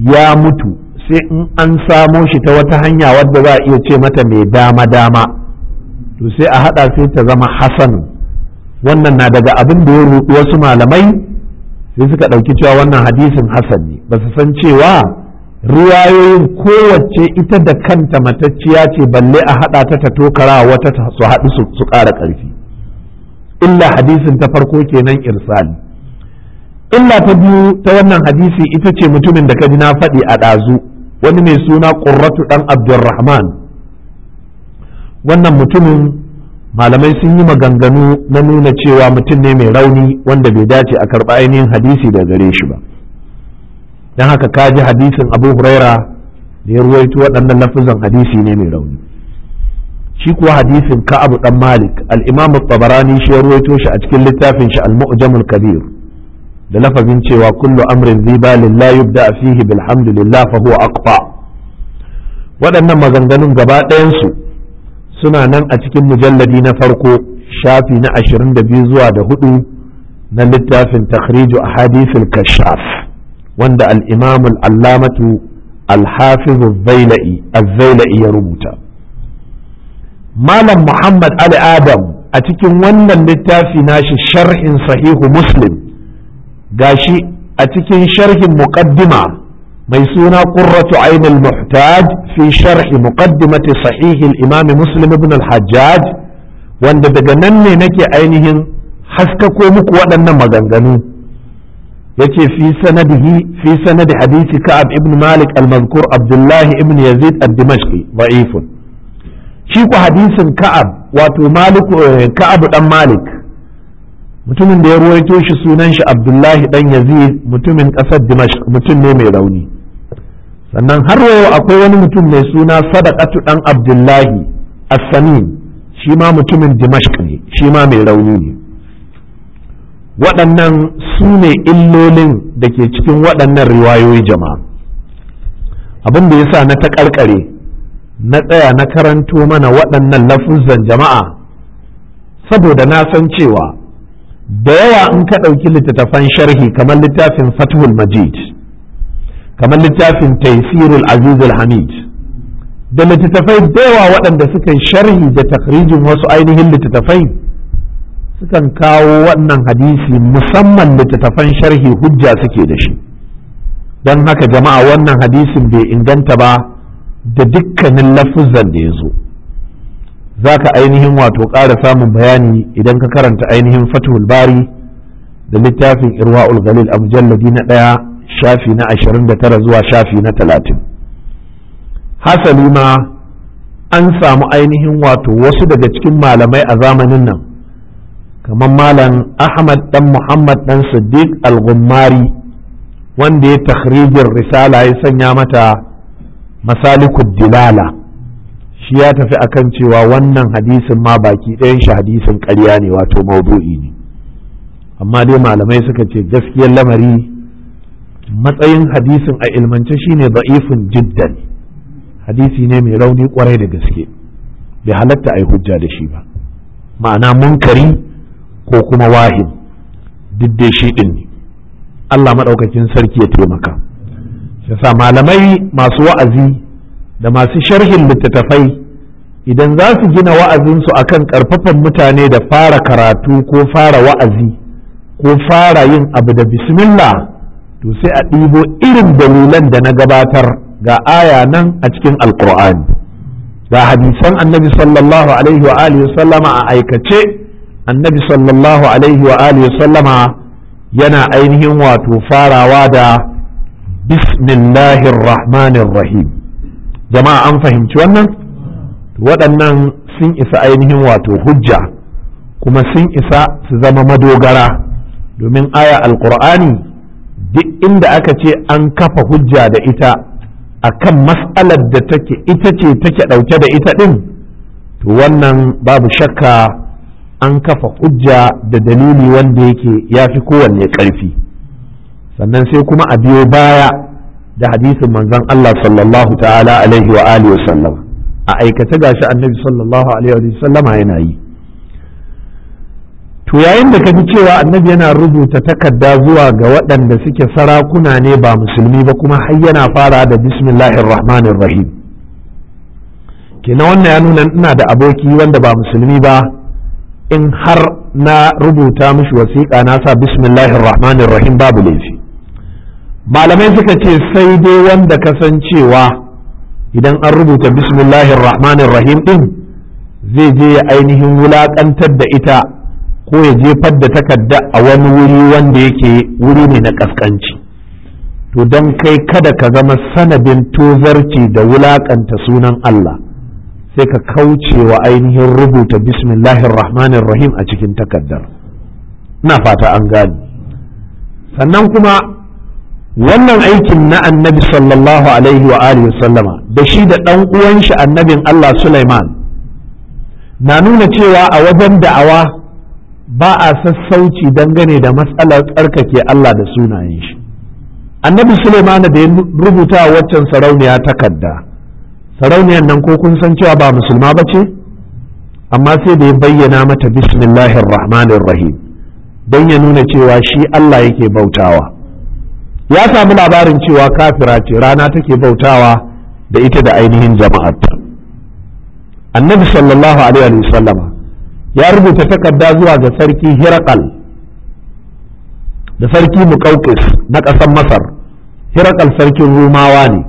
ya mutu sai in an samo shi ta wata hanya wadda za a iya ce mata mai dama dama to sai a haɗa sai ta zama hasan wannan na daga abin da ya ruɗi wasu malamai sai suka ɗauki cewa wannan hadisin hasan ne ba su san cewa riwayoyin kowace ita da kanta matacciya ce balle a haɗa ta ta tokara wata su haɗu su ƙara ƙarfi illa hadisin ta farko kenan irsali illa ta biyu ta wannan hadisi ita ce mutumin da kaji na faɗi a ɗazu wani mai suna ƙurratu ɗan abdulrahman wannan mutumin malamai sun yi maganganu na nuna cewa mutum ne mai rauni wanda bai dace a karɓa ainihin hadisi da gare shi ba don haka ka ji hadisin abu huraira da ya ruwaito waɗannan lafizan hadisi ne mai rauni shi kuwa hadisin ka abu dan malik al-imam tabarani shi ya ruwaito shi a cikin littafin shi al-mu'jamul kabir da lafazin cewa kullu amrin ziba la yubda fihi bilhamdulillah fa huwa aqfa waɗannan maganganun gaba ɗayan su suna nan a cikin mujalladi na farko shafi na 22 zuwa da hudu na littafin takhriju a hadithul kashaf wanda al-imam al-allamatu al-hafiz al-zailai ya rubuta malam muhammad ali adam a cikin wannan littafi nashi sharhin sahihu muslim gashi a cikin sharhin muqaddima mai suna qurratu ainul muhtaj fi sharhi muqaddimati sahih al-imam muslim ibn al-hajjaj wanda daga nan ne nake ainihin haska ko muku waɗannan maganganu yace fi sanadihi fi sanadi hadisi ka'ab ibn malik al-mazkur abdullah ibn yazid ad-dimashqi da'ifun shi ku hadisin ka'ab wato malik eh, ka'ab dan malik mutumin da ya ruwaito shi sunan shi abdullahi dan yazid mutumin kasar dimashq mutum ne mai rauni sannan har yau akwai wani mutum mai suna sadaqatu dan abdullahi as-samin shi ma mutumin dimashq ne shi ma mai rauni ne waɗannan su ne illolin da ke cikin waɗannan riwayoyi jama'a abin da yasa na taƙarƙare na tsaya na karanto mana waɗannan lafuzan jama'a saboda na san cewa da yawa in ka ɗauki littattafan sharhi kamar littafin fathul majid kamar littafin taifirul azizul hamid da littattafai da yawa waɗanda suka sharhi da takrijin wasu ainihin littattafai sukan kawo wannan hadisi musamman littattafan sharhi hujja suke da shi don haka jama'a wannan hadisin bai inganta ba da dukkanin lafuzan da ya zo za ka ainihin wato ƙara samun bayani idan ka karanta ainihin fatihul bari da littafin irwa'ul galil a mujalladi na ɗaya shafi na ashirin da tara zuwa shafi na talatin hasali ma an samu ainihin wato wasu daga cikin malamai a zamanin nan kamar malam ahmad ɗan muhammad ɗan siddiq al-gummari wanda ya takhrijin risala ya sanya mata masalikud dilala shi ya tafi akan cewa wannan hadisin ma baki ɗayan shi hadisin ƙarya ne wato maudu'i ne amma dai malamai suka ce gaskiyar lamari matsayin hadisin a ilmance shine da'ifun jiddan hadisi ne mai rauni kwarai da gaske bai halatta a yi hujja da shi ba ma'ana munkari ko kuma wahim duk dai shi din ne Allah maɗaukakin sarki ya taimaka shi sa malamai masu wa'azi da masu sharhin littattafai idan za su gina wa'azinsu akan karfafan mutane da fara karatu ko fara wa'azi ko fara yin abu da bismillah to sai a ɗibo irin dalilan da na gabatar ga aya nan a cikin alkur'ani ga hadisan annabi sallallahu alaihi wa alihi sallama a aikace annabi sallallahu alaihi wa alihi sallama yana ainihin wato farawa da bismillahir rahmanir rahim jama'a an fahimci wannan waɗannan sun isa ainihin wato hujja kuma sun isa su zama madogara domin aya alkur'ani duk inda aka ce an kafa hujja da ita a kan mas'alar da take ita ce take ɗauke da ita ɗin to wannan babu shakka an kafa hujja da dalili wanda yake ya fi kowanne ƙarfi sannan sai kuma a biyo baya da hadisin manzon Allah sallallahu ta'ala alaihi wa alihi wa sallam a aikata gashi annabi sallallahu alaihi wa sallama yana yi to yayin da ka ji cewa annabi yana rubuta takarda zuwa ga waɗanda suke sarakuna ne ba musulmi ba kuma har yana fara da bismillahir rahmanir rahim kenan wannan ya nuna ina da aboki wanda ba musulmi ba in har na rubuta mishi wasiƙa na sa bismillahir rahmanir rahim babu laifi malamai suka ce sai dai wanda ka san cewa idan an rubuta bismillahir rahmanir rahim din zai je ya ainihin wulaƙantar da ita ko ya jefar da takarda a wani wuri wanda yake wuri ne na kaskanci to don kai kada ka zama sanadin tozarci da wulakanta sunan Allah sai ka kauce wa ainihin rubuta bismillahir a cikin takardar na fata an gani sannan kuma wannan aikin na annabi sallallahu alaihi wa alihi sallama da shi da ɗan uwan shi annabin Allah Sulaiman na nuna cewa a wajen da'awa ba a sassauci dangane da matsalar tsarkake Allah da sunayen shi annabi Suleiman da ya rubuta waccan sarauniya takarda sarauniyar nan ko kun san cewa ba musulma ba ce amma sai da ya bayyana mata bismillahir rahmanir rahim don ya nuna cewa shi Allah yake bautawa ya samu labarin cewa kafira ce rana take bautawa da ita da ainihin jama'arta annabi sallallahu alaihi wasallama ya rubuta takarda zuwa ga sarki hirakal da sarki mukaukis na ƙasar masar hirakal sarkin rumawa ne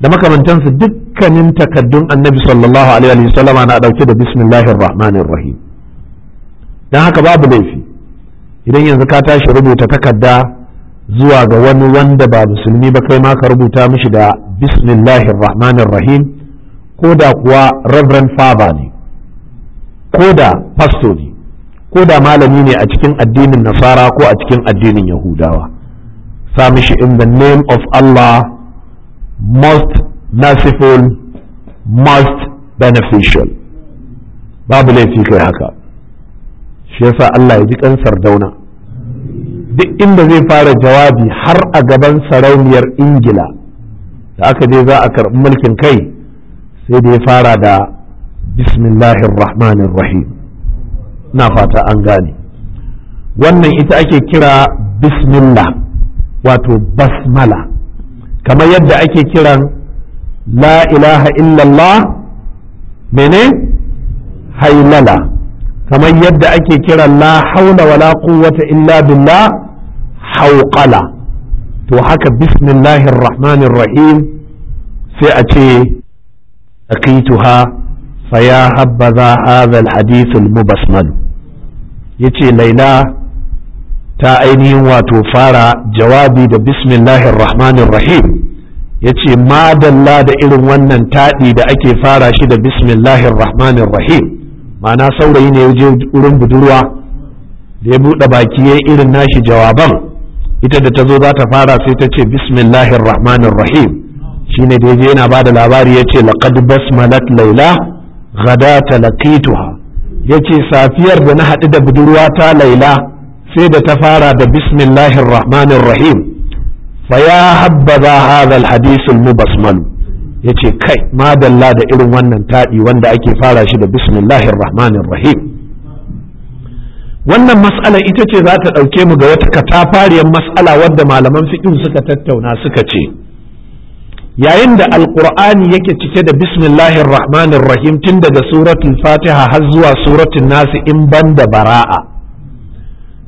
da makamantansu dukkanin takaddun annabi sallallahu alaihi wasallama na ɗauke da bismillahir rahmanir rahim don haka babu laifi idan yanzu ka tashi rubuta takarda zuwa ga wani wanda ba musulmi ba kai ma ka rubuta mishi da bismillahir rahmanir rahim ko da kuwa reverend Faba ne ko da fasto ne ko da malami ne a cikin addinin nasara ko a cikin addinin yahudawa sa shi in the name of Allah most merciful most beneficial babu laifi kai haka shi yasa Allah ya ji ƙansar dauna duk inda zai fara jawabi har a gaban sarauniyar ingila da aka je za a karɓi mulkin kai sai da ya fara da bismillahir rahmanir rahim na fata an gane wannan ita ake kira bismillah wato basmala kamar yadda ake kiran la ilaha illallah mene hailala kamar yadda ake kiran la haula wala quwwata illa billah hauqala to haka bismillahir rahmanir rahim sai a ce aqituha فيا حبذا هذا الحديث المبسمل yace laila ta ainihin wato fara jawabi da bismillahir rahmanir rahim yace madalla da irin wannan taɗi da ake fara shi da bismillahir rahmanir rahim ma'ana saurayi ne ya je wurin budurwa da ya buɗe baki ya irin nashi jawaban ita da ta zo za ta fara sai ta ce bismillahir rahmanir rahim shine da yaje je yana bada labari ya ce laqad basmalat laila ghadata laqituha yace safiyar da na haɗu da budurwata laila sai da ta fara da bismillahir rahmanir rahim fa ya habbaza hadha al hadith al mubasmal yace kai madalla da irin wannan taɗi wanda ake fara shi da bismillahir rahmanir rahim wannan mas'ala ita ce za ta ɗauke mu ga wata katafariyar mas'ala wadda malaman fiƙin suka tattauna suka ce yayin da Alkur'ani yake cike da bismillahir rahmanir rahim tun daga suratul fatiha har zuwa suratul nasi in banda bara'a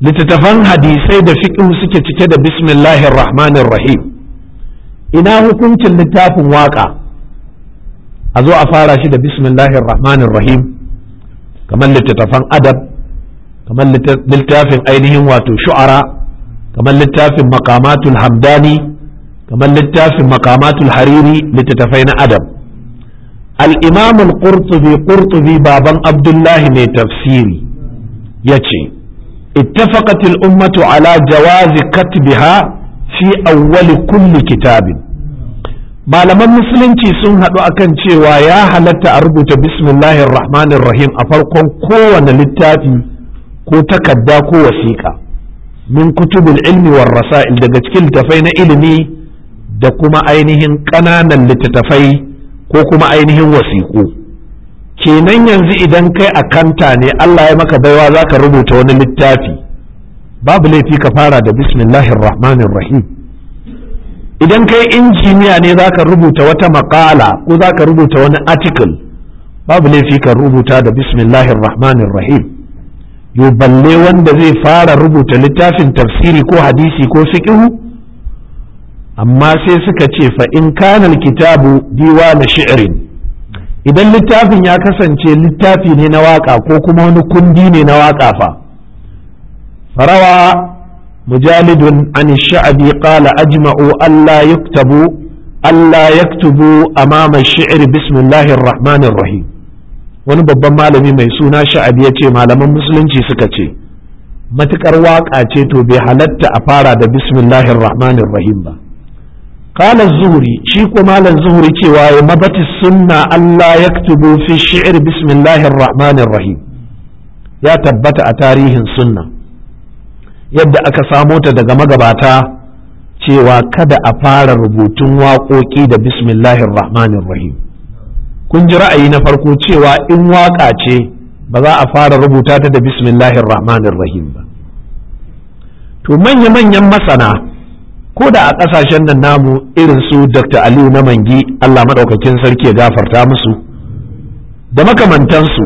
littattafan hadisai da fiqh suke cike da bismillahir rahmanir rahim ina hukuncin littafin waka a zo a fara shi da bismillahir rahmanir rahim kamar littattafan adab kamar littafin ainihin wato shu'ara kamar littafin makamatul hamdani kamar littafin makamatul hariri littattafai na adam al-imam al-qurtubi baban abdullahi mai tafsiri yace Ummatu Ala Jawazi جواز shi fi awwali kulli kitabin malaman musulunci sun haɗu akan cewa ya halatta a rubuta bismillahir rahmanir rahim a farkon kowane littafi ko takarda ko wasiƙa min kutubul ilmi war rasa'il daga cikin littafai na ilimi da kuma ainihin ƙananan littattafai ko kuma ainihin wasiƙu kenan yanzu idan kai a kanta ne Allah ya maka baiwa za ka rubuta wani littafi babu laifi ka fara da bismillahir rahmanir rahim idan kai injiniya ne za ka rubuta wata maƙala ko za ka rubuta wani article babu laifi ka rubuta da bismillahir rahmanir rahim yo balle wanda zai fara rubuta littafin tafsiri ko hadisi ko fiqhu amma sai suka ce fa in kana kitabu diwa na shi'rin idan littafin ya kasance littafi ne na waka ko kuma wani kundi ne na waka fa farawa mujalidun an sha'abi qala ajma'u Allah yuktabu alla yaktubu amama shi'r bismillahir rahmanir rahim wani babban malami mai suna sha'abi ya ce malaman musulunci suka ce matukar waka ce to bai halatta a fara da bismillahir rahmanir rahim ba قال الزهري شيكو مال الزهري تيواي مبت السنة ألا يكتبوا في الشعر بسم الله الرحمن الرحيم يا تبت أتاريه السنة yadda aka samo ta daga magabata cewa kada a fara rubutun waƙoƙi da bismillahir rahmanir rahim kun ji ra'ayi na farko cewa in waƙa ce ba za a fara rubuta ta da bismillahir rahmanir rahim ba to manya-manyan masana ko da a ƙasashen nan namu irin su dr aliyu na mangi allah maɗaukakin sarki ya gafarta musu da makamantansu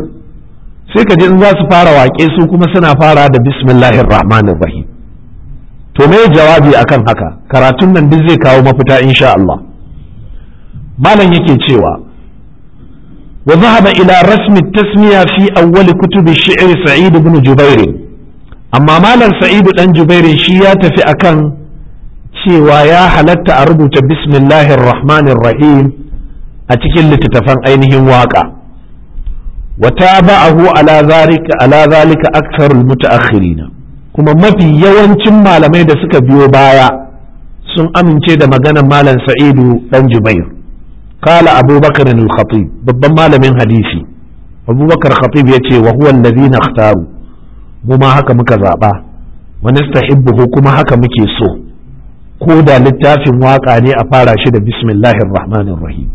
sai ka ji in za su fara waƙe su kuma suna fara da bismillahir rahmanir rahim to me jawabi akan haka karatun nan duk zai kawo mafita insha Allah malam yake cewa wa zahaba ila rasmi tasmiya fi awwal kutub shi'r sa'id ibn jubair amma malam sa'id dan jubair shi ya tafi akan cewa ya halatta a rubuta bismillahir rahmanir rahim a cikin littattafan ainihin waka wata ba'ahu ala zalika ala zalika aktsarul mutaakhirina kuma mafi yawancin malamai da suka biyo baya sun amince da maganar malam sa'idu dan jubair kala abubakar al-khatib babban malamin hadisi abubakar khatib yace wa huwa alladhina ikhtaru mu ma haka muka zaba wa nastahibbu kuma haka muke so ko da littafin waka ne a fara shi da bismillahir rahmanir rahim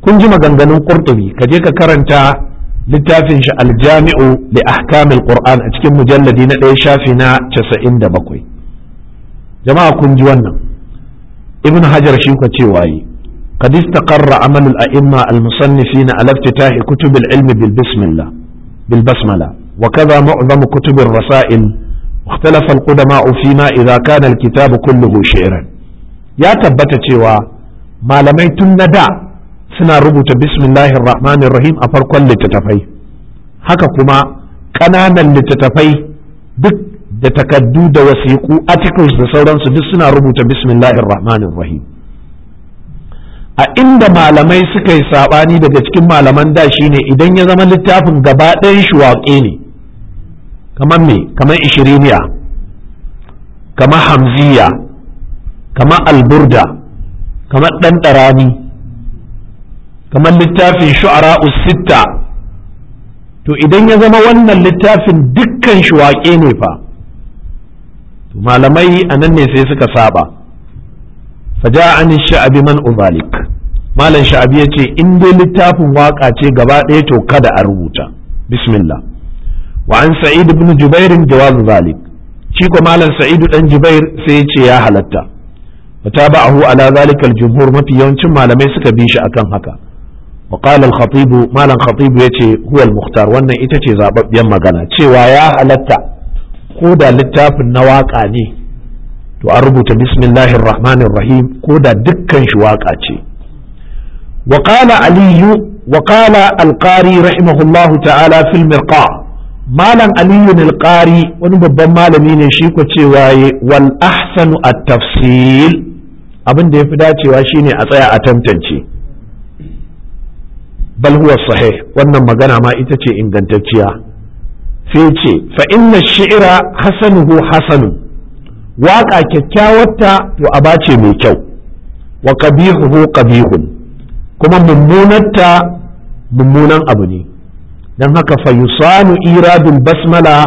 kun ji maganganun qurtubi ka je ka karanta littafin shi aljami'u li ahkamil qur'an a cikin mujalladi na ɗaya shafi na 97 jama'a kun ji wannan ibn hajar shi ka ce waye قد استقر عمل الأئمة المصنفين على افتتاح كتب العلم بالبسم الله بالبسملة وكذا معظم كتب الرسائل اختلف القدماء فيما إذا كان الكتاب كله شعرا يا تبت cewa malamai tun na da suna rubuta bismillahir rahim a farkon littattafai haka kuma ƙananan littattafai duk da takaddu da wasiƙu articles da sauransu duk suna rubuta bismillahir rahmanir rahim a inda malamai suka yi saɓani daga cikin malaman da shine idan ya zama littafin gaba ɗayan shi waƙe ne kamar me kamar ishiriniya kamar hamziya kamar alburda kamar ɗanɗarani kamar littafin shu'ara sitta to idan ya zama wannan littafin dukkan shuwaƙe ne fa malamai a nan ne sai suka saba faja an sha'abi man ubalik malam sha'abi ya ce in dai littafin waƙa ce gaba ɗaya to kada a rubuta bismillah wa an sa'id ibn jubair jawaz zalik shi ko malam sa'id dan jubair sai ya ce ya halatta fataba'ahu ala zalika al mafi yawancin malamai suka bi shi akan haka wa qala malam khatib yace huwa al-mukhtar wannan ita ce zababbiyan magana cewa ya halatta ko da littafin na waka ne to an rubuta bismillahir rahmanir rahim ko da dukkan shi waka ce wa aliyu wa qala al-qari rahimahullahu ta'ala fil mirqa malam aliyu Nalƙari, wani babban malami ne shi ku cewa wal ahsanu at tafsil abin da ya fi dacewa shine a tsaya a tantance bal huwa sahih wannan magana ma ita ce ingantacciya sai ce fa inna shi'ra hasanuhu hasanun waƙa kyakkyawarta to aba ce mai kyau wa qabihuhu qabihun kuma mummunarta mummunan abu ne don haka fayusanu iradul basmala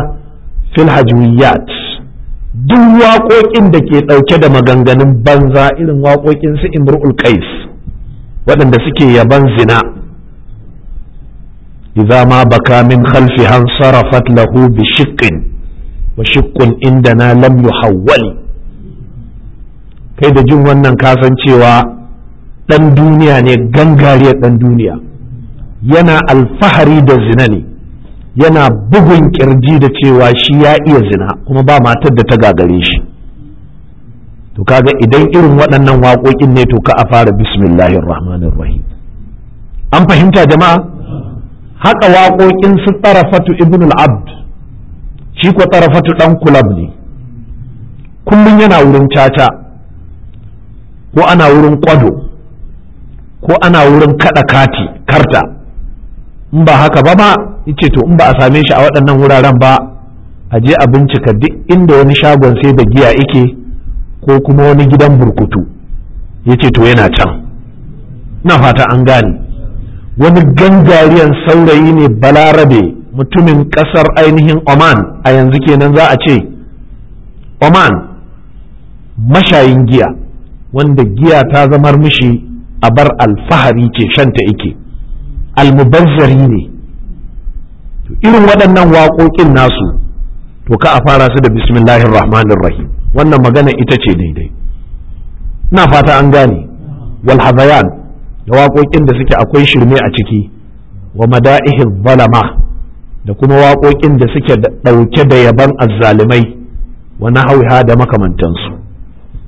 fil hajwiyat duk waƙoƙin da ke ɗauke da maganganun banza irin waƙoƙin su imru'ul qais waɗanda suke yaban zina idza ma baka min khalfi han sarafat lahu bi shiqqin wa shiqqun indana lam yuhawwal kai da jin wannan kasancewa ɗan dan duniya ne gangariyar dan duniya yana alfahari da zina ne yana bugun kirji da cewa shi ya iya zina kuma ba matar da ta gagare shi to kaga idan irin waɗannan waƙoƙin ne to ka a fara bismillahir rahmanir rahim an fahimta jama'a haka waƙoƙin su tarafatu ibn al-abd shi ko tarafatu dan kulab ne kullum yana wurin caca ko ana wurin kwado ko ana wurin kada kati karta in ba haka ba ma yace to in ba a same shi a waɗannan wuraren ba a je a bincika duk inda wani shagon sai da giya yake ko kuma wani gidan burkutu yace to yana can na fata an gane wani gangariyan saurayi ne balarabe mutumin ƙasar ainihin oman a yanzu kenan za a ce oman mashayin giya wanda giya ta zamar mishi a bar alfahari ce shanta ike almubazzari ne irin waɗannan waƙoƙin nasu to ka a fara su da bismillahir rahmanir rahim wannan magana ita ce daidai na fata an gane wal da waƙoƙin da suke akwai shirme a ciki wa mada'ihin zalama da kuma waƙoƙin da suke ɗauke da yaban azzalimai wa nahauha da makamantansu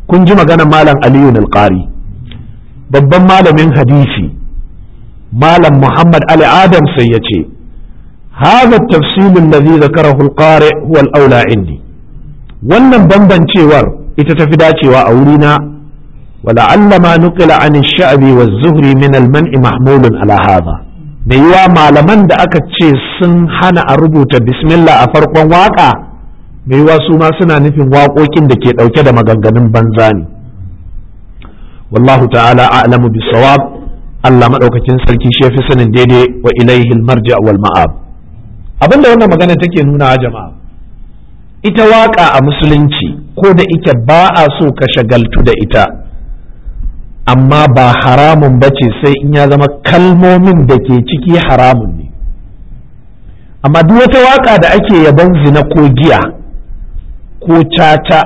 kun ji maganar malam aliyu nalƙari. babban malamin hadisi malam muhammad ali adam sai ya ce هذا التفصيل الذي ذكره القارئ هو الأولى indi. wannan bambancewar ita tafi dacewa a wurina wala'alla ma nuqila an sha'bi wa zuhri min al-man'i mahmulun ala hadha da yiwa malaman da aka ce sun hana a rubuta bismillah a farkon waka mai yiwa su ma suna nufin waƙoƙin da ke ɗauke da maganganun banza ne wallahu ta'ala a'lamu bisawab Allah maɗaukacin sarki shi fi sanin daidai wa ilaihin marja wal ma'ab da wannan magana take nuna a jama'a ita waƙa a musulunci ko da ike ba a so ka shagaltu da ita amma ba haramun ba ce sai in ya zama kalmomin da ke ciki haramun ne amma duk wata waƙa da ake yaban zina ko giya ko caca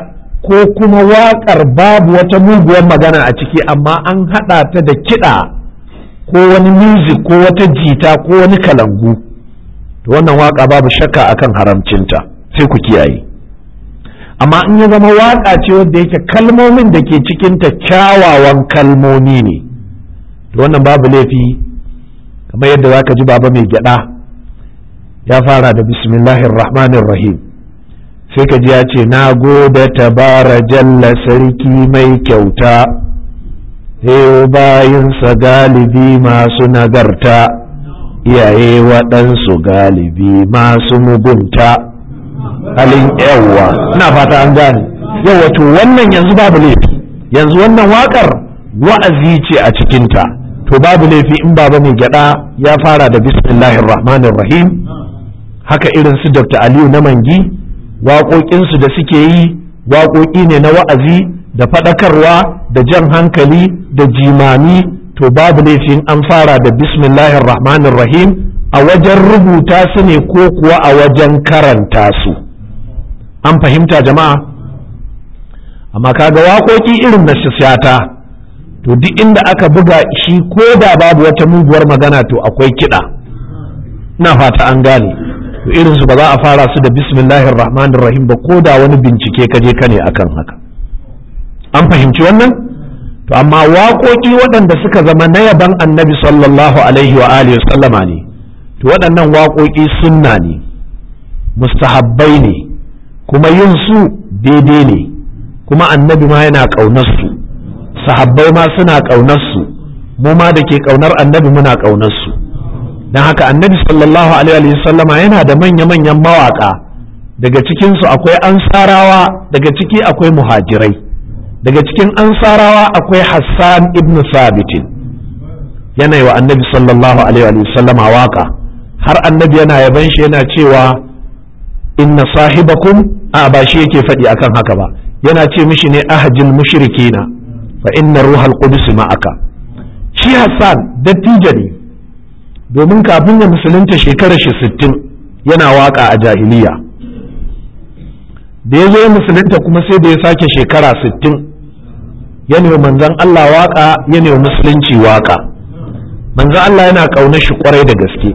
ko kuma waƙar babu wata muguwar magana a ciki amma an haɗa ta da kiɗa ko wani music ko wata jita ko wani kalangu to wannan waka babu shakka akan haramcinta sai ku kiyaye amma in ya zama waka ce wanda yake kalmomin da ke cikinta kyawawan kalmomi ne to wannan babu laifi kamar yadda zaka ji baba mai gyada ya fara da bismillahir sai ka ji ya ce na gode tabara jalla sarki mai kyauta bayan sa galibi masu nagarta iyaye waɗansu galibi masu mugunta halin yawwa ina fata an gane yawa to wannan yanzu babu laifi yanzu wannan waƙar wa'azi ce a cikinta to babu laifi in baba mai gyada ya fara da bismillahir rahmanir rahim haka irin su dr aliyu na mangi waƙoƙinsu da suke yi waƙoƙi ne na wa'azi da faɗakarwa da jan hankali da jimami to babu laifin an fara da bismillahir rahmanir rahim a wajen rubuta su ne ko kuwa a wajen karanta su an fahimta jama'a amma kaga wakoki irin na shata to duk inda aka buga shi ko da babu wata muguwar magana to akwai kiɗa ina fata an gane to irinsu ba za a fara su da bismillahir rahmanir rahim ba ko da wani bincike ka je ka ne akan haka an fahimci wannan to amma waƙoƙi waɗanda suka zama na yaban annabi sallallahu alaihi wa alihi sallama ne to waɗannan waƙoƙi sunna ne mustahabbai ne kuma yin su daidai ne kuma annabi ma yana ƙaunar su sahabbai ma suna ƙaunar su mu ma da ke ƙaunar annabi muna ƙaunar su don haka annabi sallallahu alaihi wa sallama yana da manya-manyan mawaƙa daga cikinsu akwai ansarawa daga ciki akwai muhajirai daga cikin ansarawa akwai hassan ibn sabitin yana wa annabi sallallahu alaihi waka har annabi yana yaban shi yana cewa inna sahibakum a ba shi yake faɗi akan haka ba yana ce mishi ne ahajil mushrikina fa inna ruhal qudus ma'aka shi hassan dattijo ne domin kafin ya musulunta shekarar shi sittin yana waka a jahiliya da ya zo ya musulunta kuma sai da ya sake shekara sittin ya nemi manzan Allah waka ya nemi musulunci waka manzan Allah yana ƙaunar shi kwarai da gaske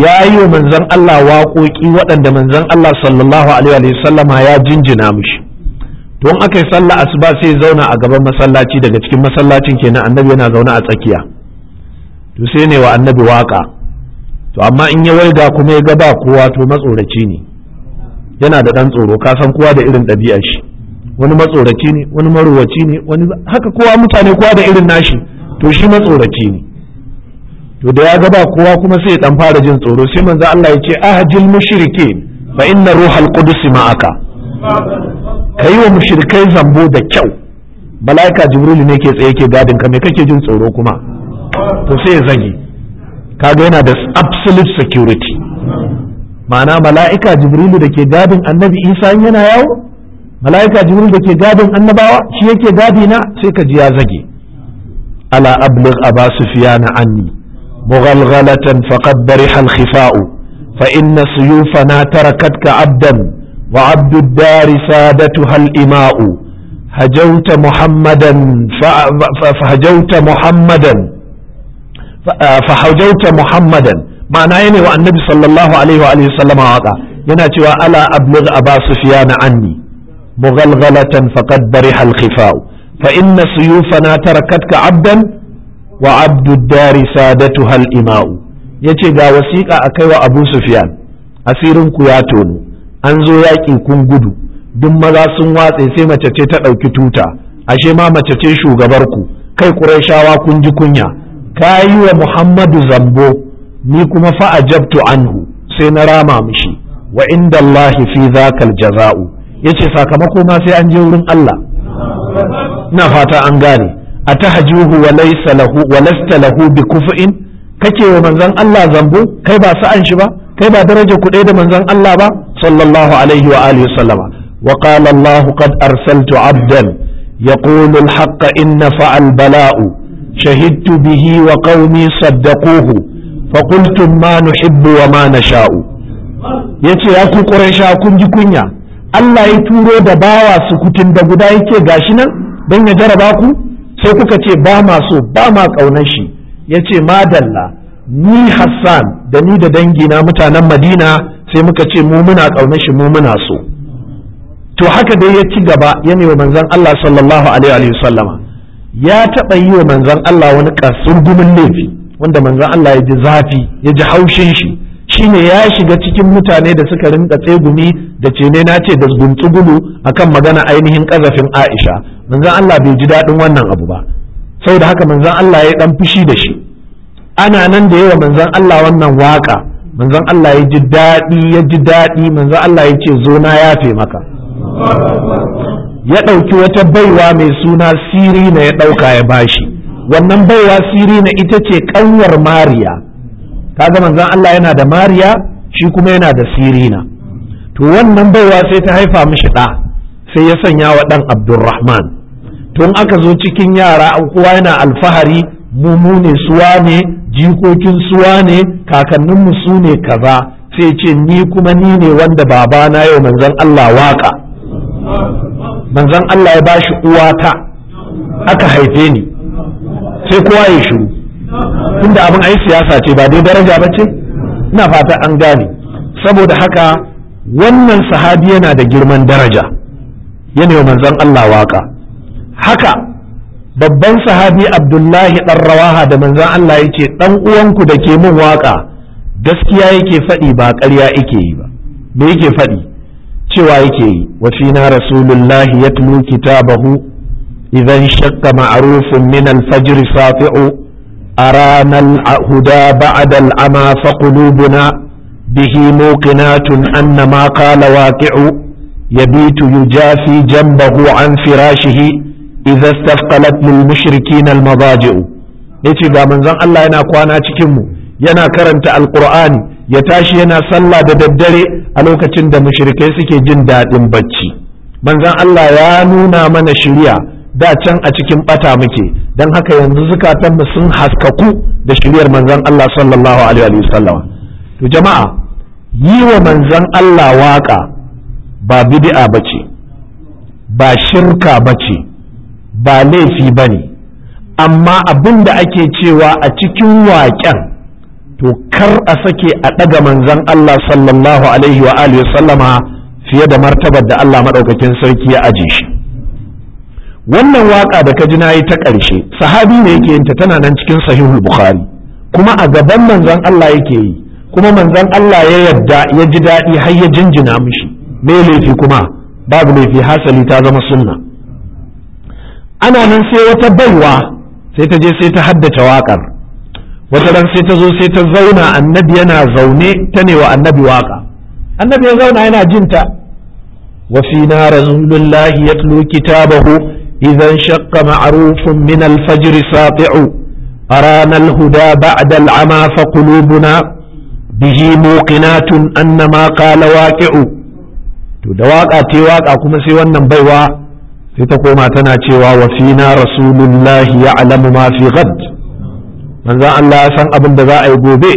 ya yi wa manzan Allah waƙoƙi waɗanda manzan Allah sallallahu alaihi wa sallama ya jinjina mishi in aka yi sallah asuba sai zauna a gaban masallaci daga cikin masallacin kenan annabi yana zaune a tsakiya to sai ne wa annabi waka to amma in ya waiga kuma ya ga ba kowa to matsoraci ne yana da ɗan tsoro ka san kowa da irin ɗabi'a shi wani matsoraci ne wani maruwaci ne wani haka kowa mutane kowa da irin nashi to shi matsoraki ne to da ya gaba kowa kuma sai ya dan fara jin tsoro sai manzo Allah ya ce ahjil mushrikin fa inna ruhal qudus ma'aka kai wa mushrikai zambo da kyau malaika jibril ne ke tsaye ke gadin ka me kake jin tsoro kuma to sai ya zage kaga yana da absolute security ma'ana mala'ika jibrilu da ke gadin annabi isa yana yawo mala'ika jibril da ke gadin annabawa shi yake gadi na sai ka ji ya zage ala ablig aba sufyan anni mughalghalatan faqad bariha al-khifa'u fa inna suyufana tarakatka abdan wa abdu ad-dar sadatuha al-ima'u hajawta muhammadan fa hajawta muhammadan fa hajawta muhammadan ma'ana yana wa annabi sallallahu alaihi wa sallama waka yana cewa ala abligh aba sufyan anni mughalghalatan faqad bariha al-khifa'u fa inna suyufana tarakatka abdan wa abdu dari sadatuha al-ima'u yace ga wasiƙa akai wa abu sufyan asirin ku ya tono, an zo yaƙi kun gudu duk maza sun watse sai mace ce ta ɗauki tuta ashe ma mace ce shugabar ku kai ƙurayshawa kun ji kunya ka yi wa muhammadu zambo ni kuma fa'ajabtu anhu sai na rama mishi wa inda Allah fi zakal jaza'u yace sakamako ma sai an je wurin Allah na fata an gane A wa laysa lahu wa lasta lahu bi kuf'in kake wa manzon Allah zambo kai ba sa'an shi ba kai ba daraja ku da manzon Allah ba sallallahu alaihi wa alihi wasallama wa qala Allah qad arsaltu 'abdan yaqulu al-haqqa inna fa'al bala'u shahidtu bihi wa qaumi saddaquhu faƙultun ma nuhibbu wa ma nasha'u ya ce ya ku ƙuraisha kun ji kunya Allah ya turo da bawa su kutun da guda yake gashi nan don ya jaraba ku sai kuka ce ba ma so ba ma ƙaunar shi ya ce madalla ni Hassan da ni da dangi na mutanen Madina sai muka ce mu muna ƙaunar shi mu muna so to haka dai ya ci gaba ya wa manzon Allah sallallahu alaihi wa sallama ya taɓa yi wa manzon Allah wani ƙasar gumin laifi wanda manzon Allah ya ji zafi ya ji haushin shi shine ya shiga cikin mutane da suka rinka tsegumi da ce ne na ce da guntsugulu akan magana ainihin ƙazafin Aisha manzon Allah bai ji daɗin wannan abu ba saboda haka manzon Allah ya dan fushi da shi ana nan da yawa manzon Allah wannan waka manzon Allah ya ji daɗi ya ji daɗi manzon Allah ya ce zo na yafe maka ya ɗauki wata baiwa mai suna siri na ya ɗauka ya bashi wannan baiwa siri na ita ce kanwar mariya zama manzon Allah yana da mariya shi kuma yana da na. to wannan baiwa sai ta haifa mishi ɗa sai ya sanya wa ɗan abdurrahman tun aka zo cikin yara kuwa yana alfahari mumu ne suwa ne jikokin suwa ne kakanninmu su ne kaza sai ce ni kuma ni ne wanda babana yau manzon Allah waka manzon Allah ya bashi uwata aka haife ni sai kowa ya shiru tunda abin ai siyasa ce ba dai daraja ba ce ina fata an gane saboda haka wannan sahabi yana da girman daraja yana yi manzon Allah waka haka babban sahabi abdullahi dan rawaha da manzon Allah yake ɗan dan uwanku da ke mun waka gaskiya yake faɗi ba ƙarya yake yi ba me yake faɗi cewa yake yi wa fina rasulullahi yatlu kitabahu Izan shakka ma'arufin min alfajir safi'u أرانا الهدى بعد العمى فقلوبنا به موقنات أن ما قال واقع يبيت يجافي جنبه عن فراشه إذا استثقلت للمشركين المضاجع yace ga manzon Allah yana kwana cikinmu yana karanta Alƙur'ani, ya tashi yana sallah da daddare a lokacin da mushirikai suke jin daɗin bacci manzon Allah ya nuna mana shirya da can a cikin bata muke don haka yanzu zukatanmu sun haskaku da shiryar manzon Allah sallallahu alaihi wasallam to jama'a yi wa manzon Allah waka ba bid'a bace ba shirka bace ba laifi bane amma abin da ake cewa a cikin waƙen to kar a sake a ɗaga manzon Allah sallallahu alaihi wa alihi sallama fiye da martabar da Allah madaukakin sarki ya aje shi wannan waka da ka ji yi ta ƙarshe sahabi ne yake yin tana nan cikin sahihul bukhari kuma a gaban manzon Allah yake yi kuma manzon Allah ya yadda ya ji daɗi har ya jinjina mishi me laifi kuma babu laifi hasali ta zama sunna ana nan sai wata baiwa sai ta je sai ta haddace waƙar wata ran sai ta zo sai ta zauna annabi yana zaune ta ne wa annabi waƙa annabi ya zauna yana jinta wa fi na rasulullahi yatlu kitabahu إذا انشق معروف من الفجر ساطع أرانا الهدى بعد العمى فقلوبنا به موقنات أن ما قال واقع تدواقع تواقع كما سوى بيوا ستقوم تناتيوا وفينا رسول الله يعلم ما في غد من ذا الله سن أبن ذا أيبوبي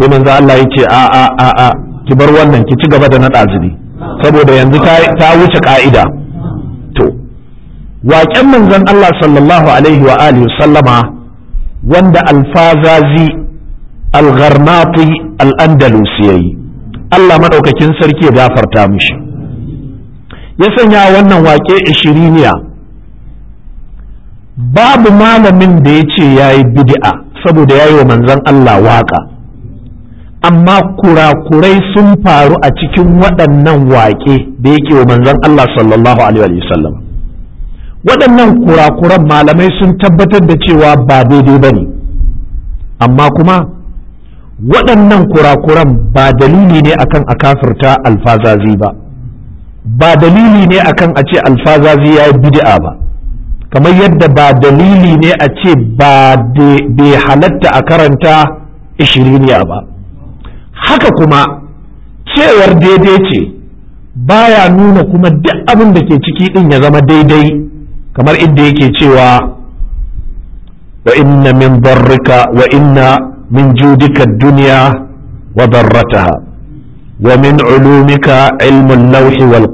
sai manzo Allah ya ce a a a a ki bar wannan ki ci gaba da na ɗaziri saboda yanzu ta wuce ka'ida waƙen manzon Allah sallallahu alaihi wa alihi sallama wanda alfazazi al-gharnati al-andalusi Allah madaukakin sarki ya gafarta mishi ya sanya wannan waƙe ishiriniya babu malamin da ya ce yayi bid'a saboda yi wa manzon Allah waƙa amma kurakurai sun faru a cikin waɗannan waƙe da yake wa manzon Allah sallallahu alaihi wa sallam waɗannan kurakuran malamai sun tabbatar da cewa ba daidai ba ne amma kuma waɗannan kurakuran ba dalili ne akan a kafirta alfazazi ba ba dalili ne akan a ce alfazazi ya yi bid'a ba kamar yadda ba dalili ne a ce ba bai halatta a karanta ishiriniya ba haka kuma cewar daidai ce baya nuna kuma duk abin da ke ciki din ya zama daidai kamar inda yake cewa wa inna min barrika wa inna min judika duniya wa darrataha wa min ulumika ilmun lauhi wal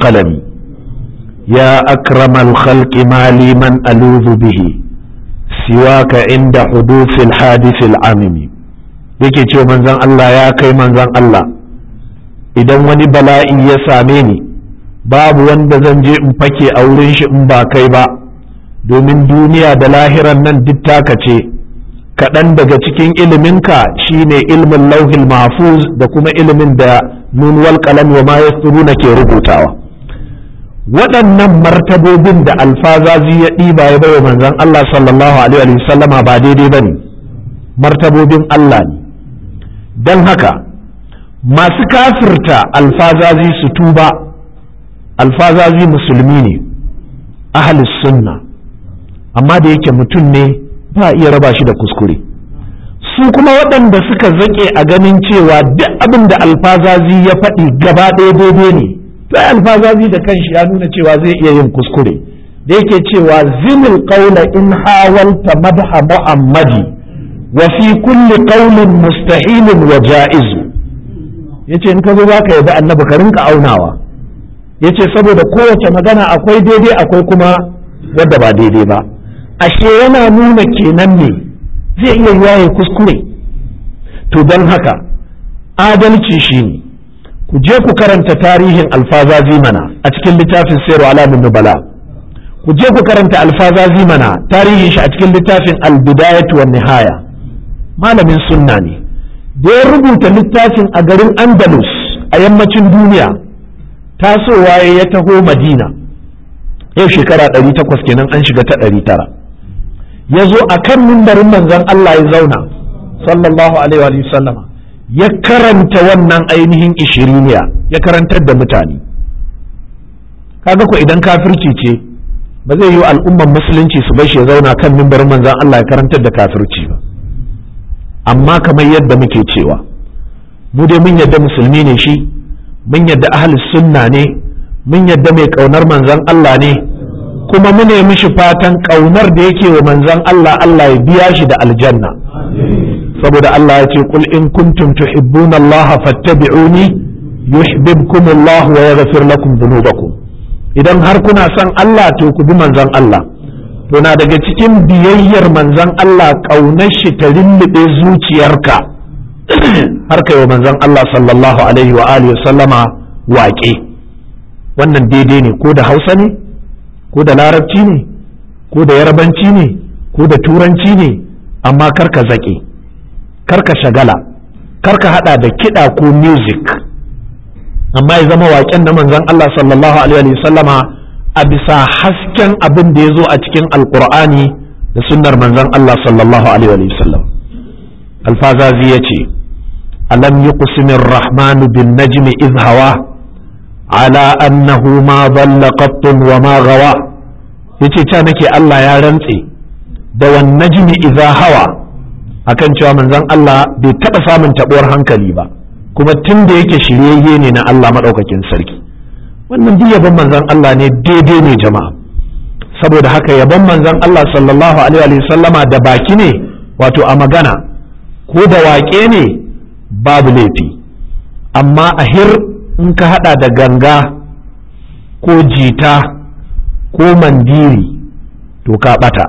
ya akramal khalqi mali man aluzu bihi siwaka inda hudusil hadisil amimi yake ce manzan Allah ya kai manzan Allah idan wani bala'i ya same ni babu wanda zan je in fake a wurin shi in ba kai ba domin duniya da lahiran nan duk taka ce kaɗan daga cikin iliminka shine ilmin lauhin mahfuz da kuma ilimin da nun kalam qalam wa ma yasturuna ke rubutawa waɗannan martabobin da alfazazi ya ɗiba ya baiwa manzon Allah sallallahu alaihi Wasallama ba daidai bane martabobin Allah ne don haka masu kafirta alfazazi su tuba alfazazi musulmi ne ahalus sunna amma da yake mutum ne ba iya raba shi da kuskure su kuma waɗanda suka zaƙe a ganin cewa duk abin da alfazazi ya faɗi gaba ɗaya daidai ne to alfazazi da kanshi ya nuna cewa zai iya yin kuskure da yake cewa zinil ƙaula in hawalta madha muhammadi wa fi kulli qaulin mustahilin wa ja'izu yace in ka zo zaka yabi annabi ka rinka aunawa yace saboda kowace magana akwai daidai akwai kuma wadda ba daidai ba ashe yana nuna kenan ne zai iya yaye kuskure to don haka adalci shi ne ku je ku karanta tarihin alfazazi mana a cikin littafin sayarwa alamun nubala ku je ku karanta alfazazi mana tarihin shi a cikin littafin albidayatu wa nihaya malamin sunna ne da ya rubuta littafin a garin andalus a yammacin duniya tasowa ya taho madina yau shekara 800 kenan an shiga ta 900 ya zo a kan mimbarin manzon Allah ya zauna sallallahu alaihi wa sallama ya karanta wannan ainihin ishiriniya ya karantar da mutane kaga ko idan kafirci ce ba zai yi al'umman musulunci su bashi ya zauna kan mimbarin manzon Allah ya karantar da kafirci ba amma kamar yadda muke cewa mu dai mun yadda musulmi ne shi mun yadda ahlus sunna ne mun yadda mai kaunar manzon Allah ne kuma mune mishi fatan ƙaunar da yake wa manzon Allah Allah ya biya shi da aljanna saboda Allah ya ce kul in kuntum tuhibbuna Allah fattabi'uni yuhibbukum Allah wa yaghfir lakum dhunubakum idan har kuna son Allah to ku bi manzon Allah to na daga cikin biyayyar manzon Allah ƙaunar shi ta lullube zuciyarka har kai wa manzon Allah sallallahu alaihi wa alihi wa sallama waƙe wannan daidai ne ko da Hausa ne ko da larabci ne ko da yarbanci ne ko da turanci ne amma karka zaƙe karka shagala karka hada da kiɗa ko music amma ya zama waƙen na manzan Allah sallallahu alaihi sallama a bisa hasken abin da ya zo a cikin alkur'ani da sunnar manzan Allah sallallahu alaihi sallam alfazazi ya ce alam yuqsimir rahmanu bin najmi iz hawa ala annahu ma balla qattun wa ma gawa yace ta nake Allah ya rantse da wan najmi idza hawa akan cewa manzon Allah bai taba samun tabuwar hankali ba kuma tunda yake shiryayye ne na Allah madaukakin sarki wannan duk yabon manzon Allah ne daidai ne jama'a saboda haka yabon manzon Allah sallallahu alaihi wasallama da baki ne wato a magana ko da waƙe ne babu laifi amma ahir in ka hada da ganga ko jita ko mandiri to ka bata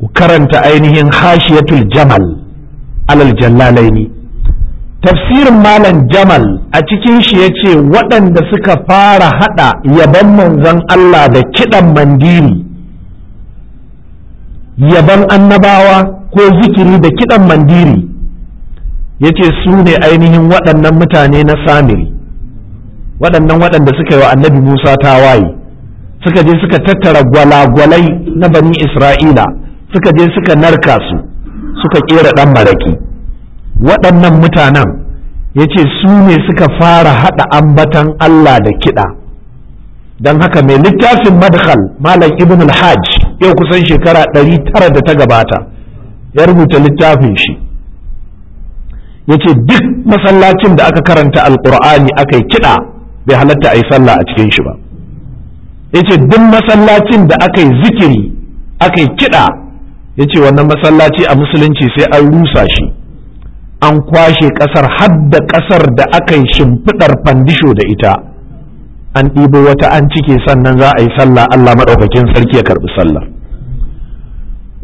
ku karanta ainihin hashiyatul jamal alal jallalaini tafsirin malam jamal a cikin shi ya ce waɗanda suka fara haɗa yaban manzon Allah da kiɗan mandiri yaban annabawa ko zikiri da kiɗan mandiri ya ce su ne ainihin waɗannan mutane na samiri waɗannan waɗanda suka yi wa annabi musa tawaye suka je suka tattara gwalagwalai na bani isra'ila suka je suka narka su suka ƙera ɗan maraki waɗannan mutanen ya ce su ne suka fara haɗa ambatan allah da kiɗa don haka mai littafin madkhal malam ibn al-hajj yau kusan shekara ɗari tara da ta gabata ya rubuta littafin shi ya ce duk masallacin da aka karanta alkur'ani aka yi kiɗa bai halatta a yi sallah a cikin shi ba ya ce duk masallacin da aka yi zikiri aka yi kiɗa ya ce wannan masallaci a musulunci sai an rusa shi an kwashe ƙasar har da ƙasar da aka yi shimfiɗar fandisho da ita an ɗibo wata an cike sannan za a yi sallah Allah maɗaukakin sarki ya karɓi sallah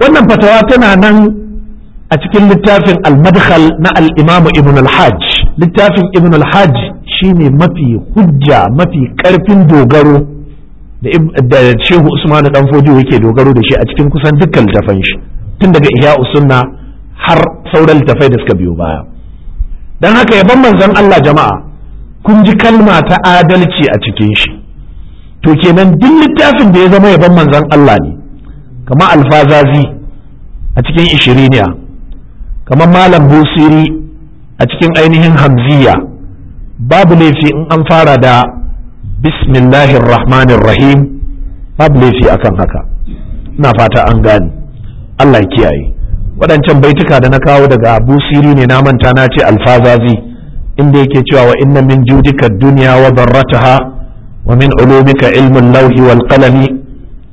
wannan fatawa tana nan a cikin littafin al-madkhal na al-imamu ibn al-hajj littafin ibn al-hajj ne mafi hujja mafi karfin dogaro da shehu usmanu dan yake dogaro da shi a cikin kusan dukkan littafan shi tun daga ihya sunna har sauran littafai da suka biyo baya dan haka yaban manzon Allah jama'a kun ji kalma ta adalci a cikin shi to kenan duk littafin da ya zama yaban manzon Allah ne kamar alfazazi a cikin ishiriniya kamar malam busiri a cikin ainihin hamziya babu laifi in an fara da bismillahir rahmanir rahim babu laifi akan haka ina fata an gane Allah kiyaye waɗancan baituka da na kawo daga abu siri ne na manta na ce alfazazi inda yake cewa wa inna min judika duniya wa barrataha wa min ulumika ilmin lauhi wal qalami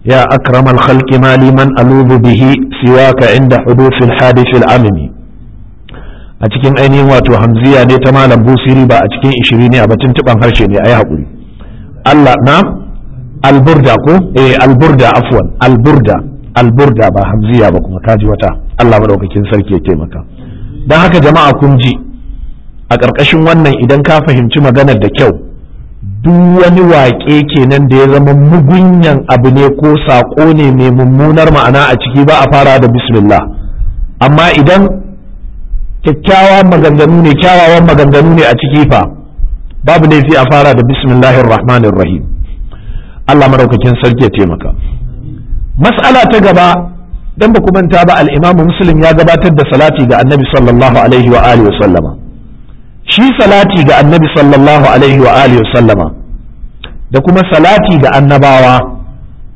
ya akramal khalqi mali man alubu bihi siwaka inda hudusil hadithil amimi a cikin ainihin wato hamziya ne ta malam busiri ba a cikin ishiri ne a batun tuban harshe ne a yi haƙuri Allah na alburda ko eh alburda afwan alburda alburda ba hamziya ba kuma kaji wata Allah madaukakin sarki ya taimaka dan haka jama'a kun ji a ƙarƙashin wannan idan ka fahimci maganar da kyau duk wani waƙe kenan da ya zama mugunyan abu ne ko saƙo ne mai mummunar ma'ana a ciki ba a fara da bismillah amma idan kyakkyawan maganganu ne kyawawan maganganu ne a ciki fa babu laifi a fara da bismillahir rahmanir rahim Allah maraukakin sarki ya taimaka mas'ala ta gaba dan ba manta ba al-Imam Muslim ya gabatar da salati ga Annabi sallallahu alaihi wa alihi wa sallama shi salati ga Annabi sallallahu alaihi wa alihi wa sallama da kuma salati ga annabawa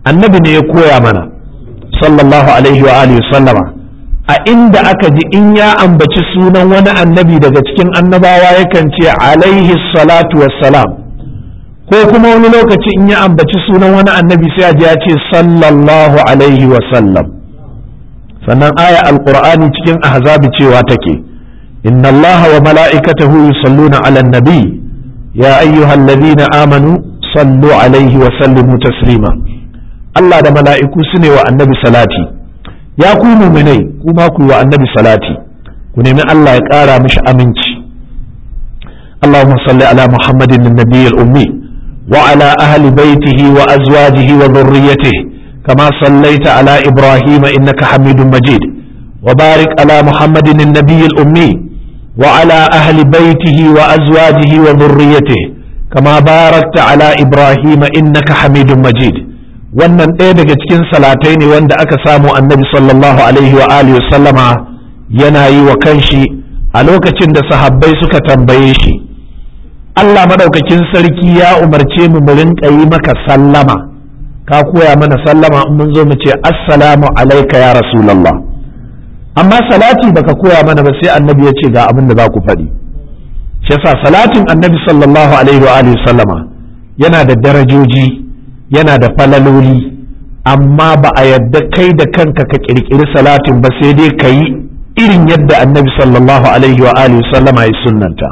annabi ne ya koya mana sallallahu alaihi wa alihi wa sallama a inda aka ji in ya ambaci sunan wani annabi daga cikin annabawa yakan ce alaihi salatu wassalam ko kuma wani lokaci in ya ambaci sunan wani annabi sai a ji ya ce sallallahu alaihi wasallam sannan aya alqur'ani cikin ahzabi cewa take inna allaha wa mala'ikatahu yusalluna ala nabi ya ayyuhalladhina amanu sallu alaihi wa sallimu taslima Allah da mala'iku sune wa annabi salati ya ku muminai kuma ma yi wa annabi salati ku nemi Allah ya ƙara mishi aminci Allahumma salli ala Muhammadin nan nabiyyar ummi wa ahli baitihi wa azwajihi wa zurriyatihi kama sallaita ala Ibrahim innaka Hamidum Majid wa barik ala Muhammadin nan nabiyyar ummi wa ahli baitihi wa azwajihi wa zurriyatihi kama barakta ala Ibrahima in naka Hamidum Majid wannan ɗaya daga cikin salatai ne wanda aka samu annabi sallallahu alaihi wa alihi sallama yana yi wa kanshi a lokacin da sahabbai suka tambaye shi Allah madaukakin sarki ya umarce mu mu rinka yi maka sallama ka koya mana sallama in mun zo mu ce assalamu alaika ya rasulullah amma salati baka koya mana ba sai annabi ya ce ga abin da za ku faɗi shi yasa salatin annabi sallallahu alaihi wa alihi sallama yana da darajoji yana da falaloli amma ba a yadda kai da kanka ka ƙirƙiri salatin ba sai dai ka yi irin yadda annabi sallallahu alaihi wa alihi sallama ya sunnanta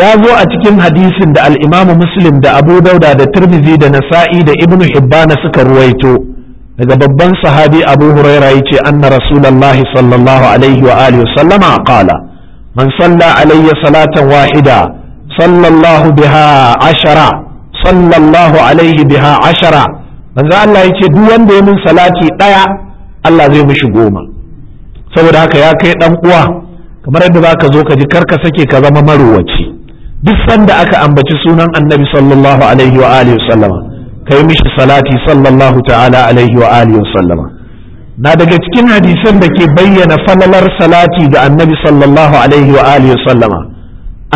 ya zo a cikin hadisin da al'imamu muslim da abu dauda da tirmizi da nasa'i da ibn hibbana suka ruwaito daga babban sahabi abu huraira ya ce anna rasulallahi sallallahu alaihi wa alihi sallama qala man salla alayya salatan wahida sallallahu biha ashara sallallahu alaihi biha ashara manzo Allah yace duk wanda ya min salati daya Allah zai mishi goma saboda haka ya kai dan uwa kamar yadda zaka zo ka ji karka sake ka zama marowaci duk sanda aka ambaci sunan annabi sallallahu alaihi wa alihi sallama, kai mishi salati sallallahu ta'ala alaihi wa alihi sallama. na daga cikin hadisan da ke bayyana falalar salati da annabi sallallahu alaihi wa alihi sallama.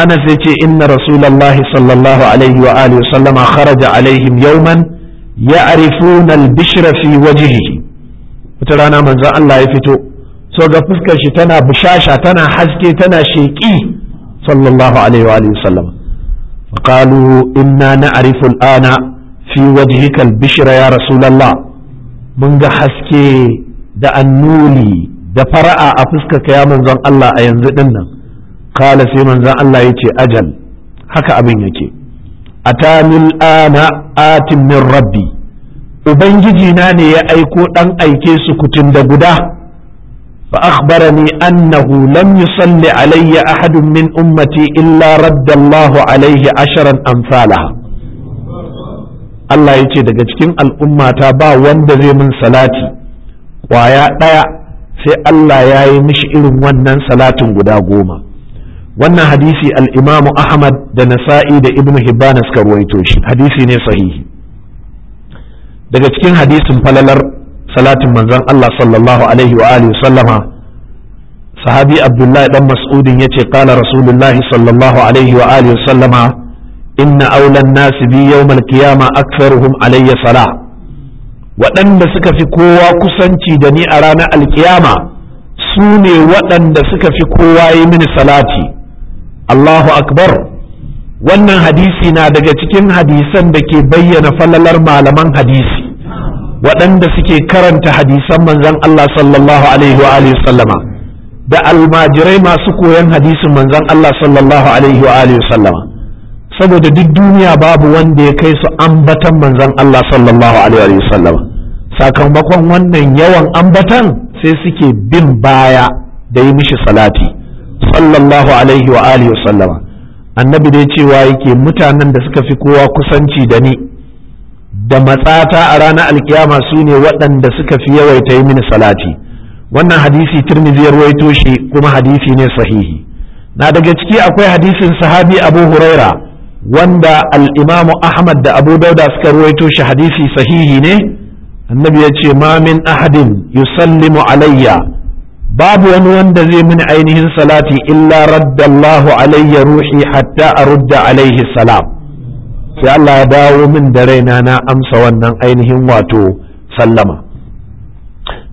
anas ya ce inna rasulallahi sallallahu alaihi wa alihi sallama kharaja alaihim yawman ya'rifuna al-bishra fi wajhihi wata rana manzon Allah ya fito so ga fuskar shi tana busasha tana haske tana sheki sallallahu alaihi wa alihi sallama faqalu inna na'rifu al-ana fi wajhika al-bishra ya rasulullah mun ga haske da annuli da fara'a a fuskar ya manzon Allah a yanzu ɗinnan. kala sai manzan Allah ya ce ajal haka abin yake atamil ana atin min rabbi ubangiji na ne ya aiko ɗan aike su kutun da guda fa akhbarani annahu lam yusalli alayya ahadun min ummati illa radda Allah alayhi asharan amsalaha Allah ya ce daga cikin al'ummata ba wanda zai mun salati kwaya ɗaya sai Allah ya yi mishi irin wannan salatin guda goma wannan hadisi al'imamu ahmad da nasa'i da ibn hibban suka ruwaito shi hadisi ne sahihi daga cikin hadisin falalar salatin manzon Allah sallallahu alaihi wa alihi sallama sahabi abdullahi dan mas'udin ya ce rasulullahi sallallahu alaihi wa alihi sallama inna aulan nasi bi yawmal qiyama aktharuhum alayya sala waɗanda suka fi kowa kusanci da ni a ranar alkiyama su ne waɗanda suka fi kowa yi mini salati Allah akbar wannan hadisi na daga cikin hadisan da ke bayyana falalar malaman hadisi waɗanda suke karanta hadisan manzon Allah sallallahu wa alihi da almajirai masu koyon hadisin manzon Allah sallallahu wa alihi saboda duk duniya babu wanda ya kai su ambatan manzon Allah sallallahu wa sallama sakamakon wannan yawan ambatan sai suke bin baya da yi mishi salati sallallahu alaihi wa alihi sallama annabi dai cewa yake mutanen da suka fi kowa kusanci da ni da matsata a ranar alkiyama su ne waɗanda suka fi yawaita yi mini salati wannan hadisi tirmidhi ya ruwaito shi kuma hadisi ne sahihi na daga ciki akwai hadisin sahabi abu huraira wanda al'imamu ahmad da abu dauda suka ruwaito shi hadisi sahihi ne annabi ya ce ma min ahadin yusallimu alayya babu wani wanda zai mini ainihin salati illa raddallahu alayya ruhi hatta arudda alaihi salam sai Allah ya dawo min da raina na amsa wannan ainihin wato sallama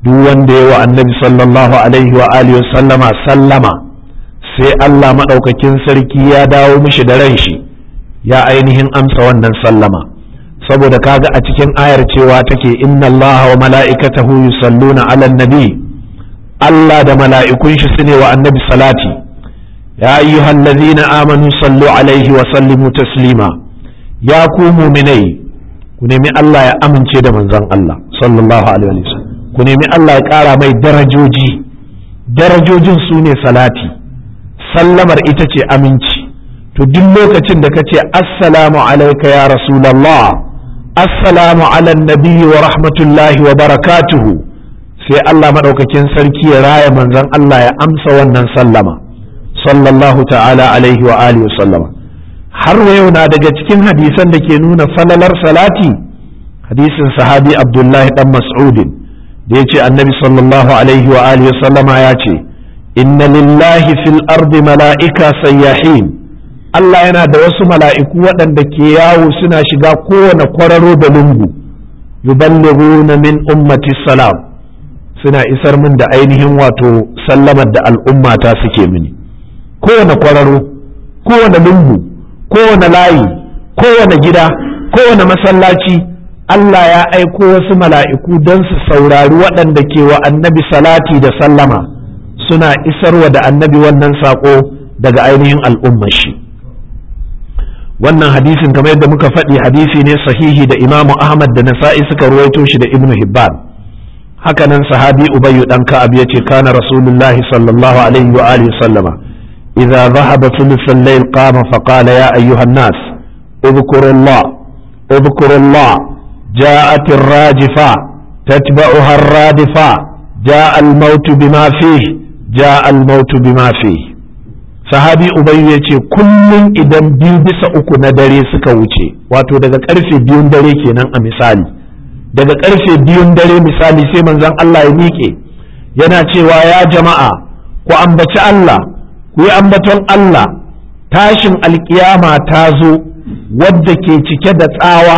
duk wanda ya wa annabi sallallahu alaihi wa alihi sallama sallama sai Allah madaukakin sarki ya dawo mishi da ran shi ya ainihin amsa wannan sallama saboda kaga a cikin ayar cewa take inna Allah wa mala'ikatahu yusalluna 'alan nabi Allah da mala'ikun shi su ne wa annabi salati ya ayyuhan lazina amanu sallu alaihi wa sallimu taslima ya ku muminai ku nemi Allah ya amince da manzon Allah sallallahu alaihi wa ku nemi Allah ya ƙara mai darajoji darajojin su ne salati sallamar ita ce aminci to duk lokacin da ka ce assalamu alaika ya rasulallah assalamu ala nabiyyi wa rahmatullahi wa barakatuhu sai Allah maɗaukakin sarki ya raya manzon Allah ya amsa wannan sallama sallallahu ta'ala alaihi wa alihi sallama har wa yau na daga cikin hadisan da ke nuna falalar salati hadisin sahabi abdullahi dan mas'udin da yace annabi sallallahu alaihi wa alihi sallama ya ce inna lillahi fil ardi mala'ika sayyahin Allah yana da wasu mala'iku waɗanda ke yawo suna shiga kowane kwararo da lungu yuballighuna min ummati salam suna isar min da ainihin wato sallamar da al'umma ta suke mini kowane kwararo kowane lungu kowane layi kowane gida kowane masallaci Allah ya aiko wasu mala'iku don su saurari waɗanda ke wa annabi salati da sallama suna isarwa da annabi wannan saƙo daga ainihin al'ummar shi wannan hadisin kamar yadda muka faɗi hadisi ne sahihi da imamu ahmad da nasa'i suka ruwaito shi da ibnu hibban hakanan sahabi ubayyu dan ka'ab yace kana rasulullahi sallallahu alaihi wa alihi sallama idza dhahaba thuluth al-layl qama fa qala ya ayyuha an-nas اذكروا الله اذكروا الله جاءت الراجفة تتبعها الرادفة جاء الموت بما فيه جاء الموت بما فيه sahabi ubayyu ya ce kullum idan biyu bisa uku na dare suka wuce wato daga karfe biyun dare kenan a misali daga ƙarshe biyun dare misali sai manzon Allah ya miƙe yana cewa ya jama'a ku ambaci Allah ku yi ambaton Allah tashin alkiyama ta zo wadda ke cike da tsawa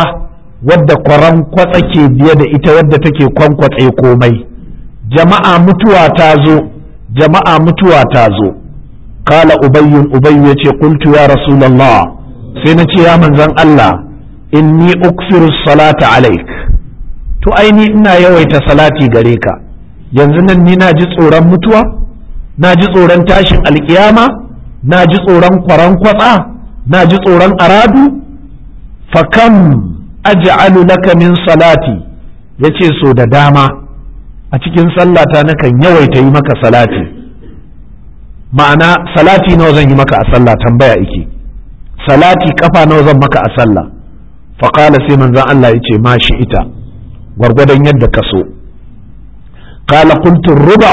wadda kwaran kwatsa ke biye da ita wadda take kwankwatsa komai jama'a mutuwa ta zo jama'a mutuwa ta zo kala ubayyun ubayyu ya ce kuntu ya rasulullah sai na ce ya manzon Allah inni uksiru salata alaik to aini ina yawaita salati gare ka yanzu nan ni na ji tsoron mutuwa na ji tsoron tashin alkiyama na ji tsoron kwaran kwatsa na ji tsoron aradu fakam aj'alu laka min salati yace so da dama a cikin sallata nakan yawaita yi maka salati ma'ana salati nawa zan yi maka a sallah tambaya ike salati kafa nawa zan maka a sallah faqala sai manzon Allah yace ma shi ita gwargwadon yadda ka so kala kuntun ruba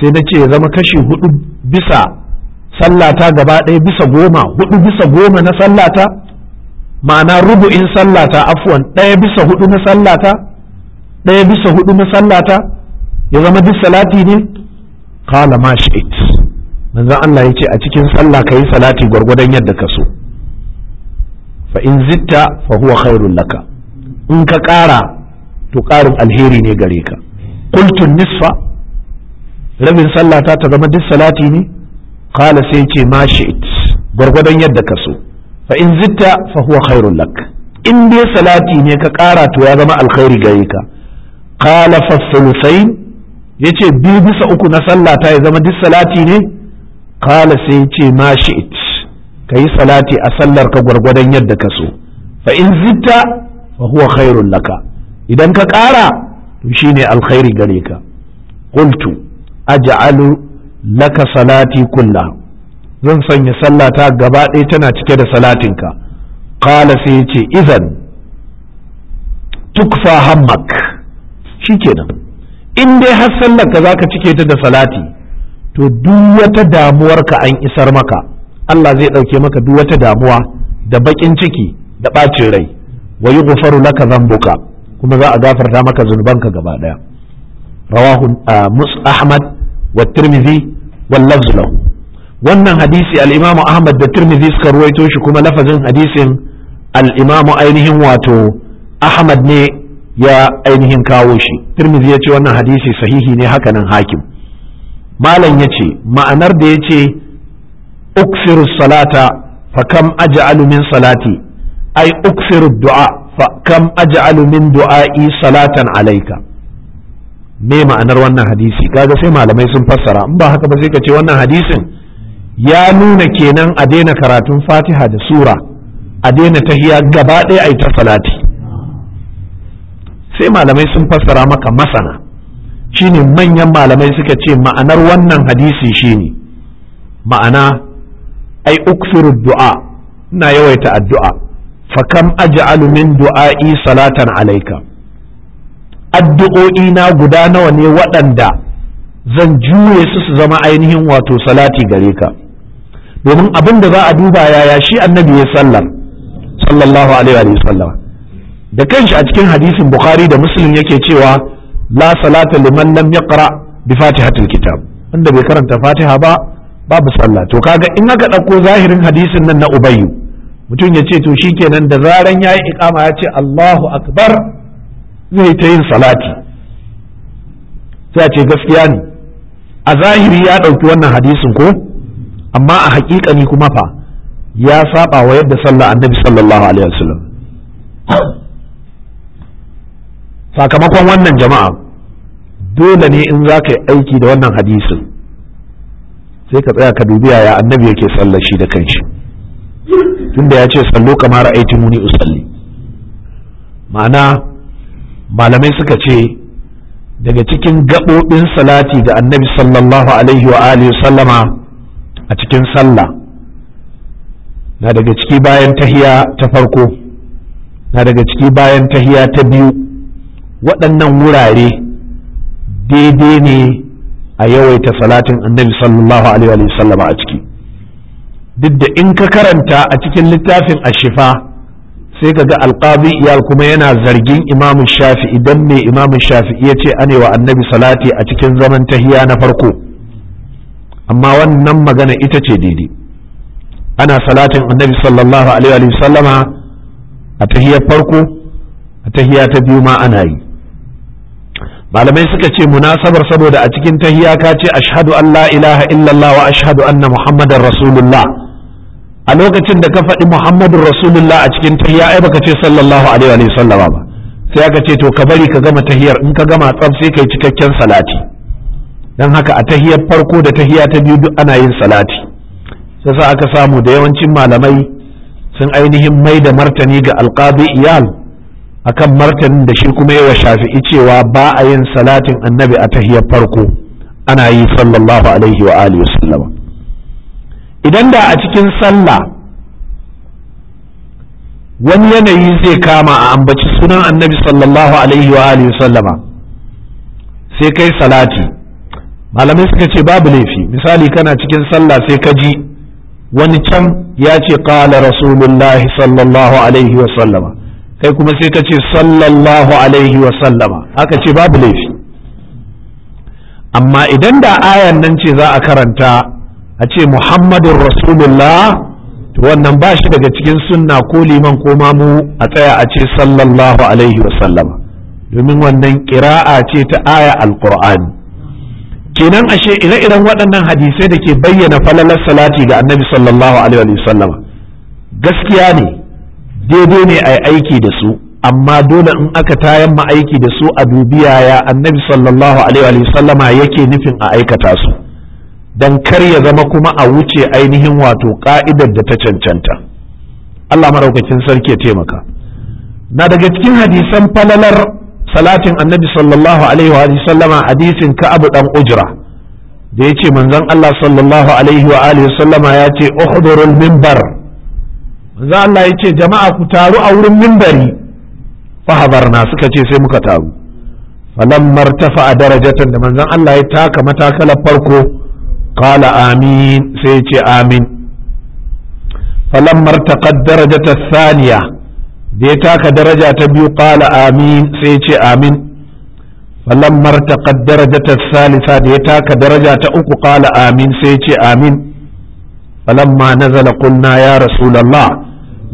sai na ce ya zama kashi hudu bisa sallata gaba ɗaya bisa goma hudu bisa goma na sallata ma'ana rubu'in sallata afuwan ɗaya bisa hudu na sallata ɗaya bisa hudu na sallata ya zama duk salati ne kala ma shi'it manzon Allah ya ce a cikin sallah yi salati gwargwadon yadda ka so fa in zitta fa huwa khairun laka in ka ƙara to ƙarin alheri ne gare ka kultun nisfa rabin sallah ta ta zama duk salati ne kala sai ce ma gwargwadon yadda ka so fa in zitta fa huwa khairul lak in dai salati ne ka ƙara to ya zama alkhairi gare ka kala fa sulusain yace biyu bisa uku na sallah ta ya zama duk salati ne kala sai ce ma ka yi salati a sallar ka gwargwadon yadda ka so fa in zitta fa huwa khairul laka idan ka ƙara to ne alkhairi gare ka qultu aj'alu laka salati kulla zan sanya sallata gaba ɗaya tana cike da salatinka ƙala sai ce izan tukfa hammak shikenan in dai har za ka zaka cike ta da salati to duk wata damuwar ka an isar maka Allah zai ɗauke maka duk wata damuwa da baƙin ciki da ɓacin rai wa yi laka zan zambuka kuma za a gafarta maka zunubanka gaba daya rawahu mus ahmad wa tirmidhi wal lafzu lahu wannan hadisi al-imamu ahmad da tirmidhi suka ruwaito shi kuma lafazin hadisin al-imamu ainihin wato ahmad ne ya ainihin kawo shi tirmidhi ya ce wannan hadisi sahihi ne hakanan hakim malam ya ce ma'anar da ya ce uksiru salata fa kam aj'alu min salati ai uksiru du'a fa kam aj'alu min du'a'i salatan alayka me ma'anar wannan hadisi kaga sai malamai sun fassara in ba haka ba sai ka ce wannan hadisin ya nuna kenan a daina karatun fatiha da sura a daina tahiya gaba ɗaya a yi ta salati sai malamai sun fassara maka masana shine manyan malamai suka ce ma'anar wannan hadisi shine ma'ana ai uksiru du'a ina yawaita addu'a fa kam aj'alu min du'a'i salatan alaika, addu'o'i na guda nawa ne waɗanda zan juye su su zama ainihin wato salati gare ka domin abin da za a duba yaya shi annabi ya sallar sallallahu alaihi wa sallam da kanshi a cikin hadisin bukhari da muslim yake cewa la salata liman lam yaqra bi fatihatil kitab wanda bai karanta fatiha ba babu sallah to kaga in aka ɗauko zahirin hadisin nan na ubayyu mutum ya ce to shi shikenan da zaran ya yi ikama ya ce Allahu akbar zai ta yin salati sai ce gaskiya ne a zahiri ya ɗauki wannan hadisin ko amma a haƙiƙani kuma fa ya saba wa yadda sallah annabi sallallahu alaihi wasallam sakamakon wannan jama'a dole ne in za ka yi aiki da wannan hadisin sai ka tsaya ka dubi yaya annabi yake sallar shi da kanshi tunda ya ce sallo kamar aiti muni usalli ma'ana malamai suka ce daga cikin gaɓoɓin salati da annabi sallallahu alaihi wa alihi sallama a cikin sallah na daga ciki bayan tahiya ta farko na daga ciki bayan tahiya ta biyu waɗannan wurare daidai ne a yawaita salatin annabi sallallahu alaihi wa sallama a ciki duk da in ka karanta a cikin littafin ashifa sai ka ga alqabi iyal kuma yana zargin imamu shafi idan me imamu shafi ya ce ane wa annabi salati a cikin zaman tahiya na farko amma wannan magana ita ce daidai ana salatin annabi sallallahu alaihi wa sallama a tahiyar farko a tahiya ta biyu ma ana yi malamai suka ce munasabar saboda a cikin tahiya ka ce ashhadu an la ilaha illallah wa ashhadu anna muhammadar rasulullah a lokacin da ka faɗi muhammadun rasulullah a cikin tahiyya ai baka ce sallallahu alaihi wa sallama ba sai aka ce to ka bari ka gama tahiyar in ka gama tsaf sai kai cikakken salati dan haka a tahiyar farko da tahiya ta biyu duk ana yin salati sai aka samu da yawancin malamai sun ainihin mai da martani ga alqabi iyal akan martanin da shi kuma yawa shafi'i cewa ba a yin salatin annabi a tahiyar farko ana yi sallallahu alaihi wa alihi sallama. idan da a cikin sallah wani yanayi zai kama a ambaci sunan annabi sallallahu alaihi wa alihi sallama sai kai salati malamai suka ce babu laifi misali kana cikin sallah sai ka ji wani can ya ce qala rasulullahi sallallahu alaihi wa sallama kai kuma sai ka ce sallallahu alaihi wa sallama haka ce babu laifi amma idan da ayan nan ce za a karanta a ce muhammadun rasulullah to wannan ba shi daga cikin sunna ko liman ko mamu a tsaya a ce sallallahu alaihi wasallama domin wannan ƙira'a ce ta aya alqur'ani kenan ashe ire-iren waɗannan hadisai da ke bayyana falalar salati ga annabi sallallahu alaihi wasallama gaskiya ne daidai ne a aiki da su amma dole in aka tayan ma aiki da su a dubiya ya annabi sallallahu alaihi wasallama yake nufin a aikata su Dan kar ya zama kuma a wuce ainihin wato ka'idar da ta cancanta Allah maraukakin sarki ya taimaka na daga cikin hadisan falalar salatin annabi sallallahu alaihi wa sallama hadisin abu dan ujra da ya ce manzon Allah sallallahu alaihi wa sallama ya ce uhdurul minbar manzon Allah ya ce jama'a ku taru a wurin minbari fahabarna suka ce sai muka taru falam martafa a darajatan da manzon Allah ya taka matakalar farko qala amin sai ce amin falamma taqad darajata thaniya da ya taka daraja ta biyu qala amin sai ce amin falamma taqad darajata thalitha da ya taka daraja ta uku qala amin sai ce amin falamma nazala qulna ya rasulullah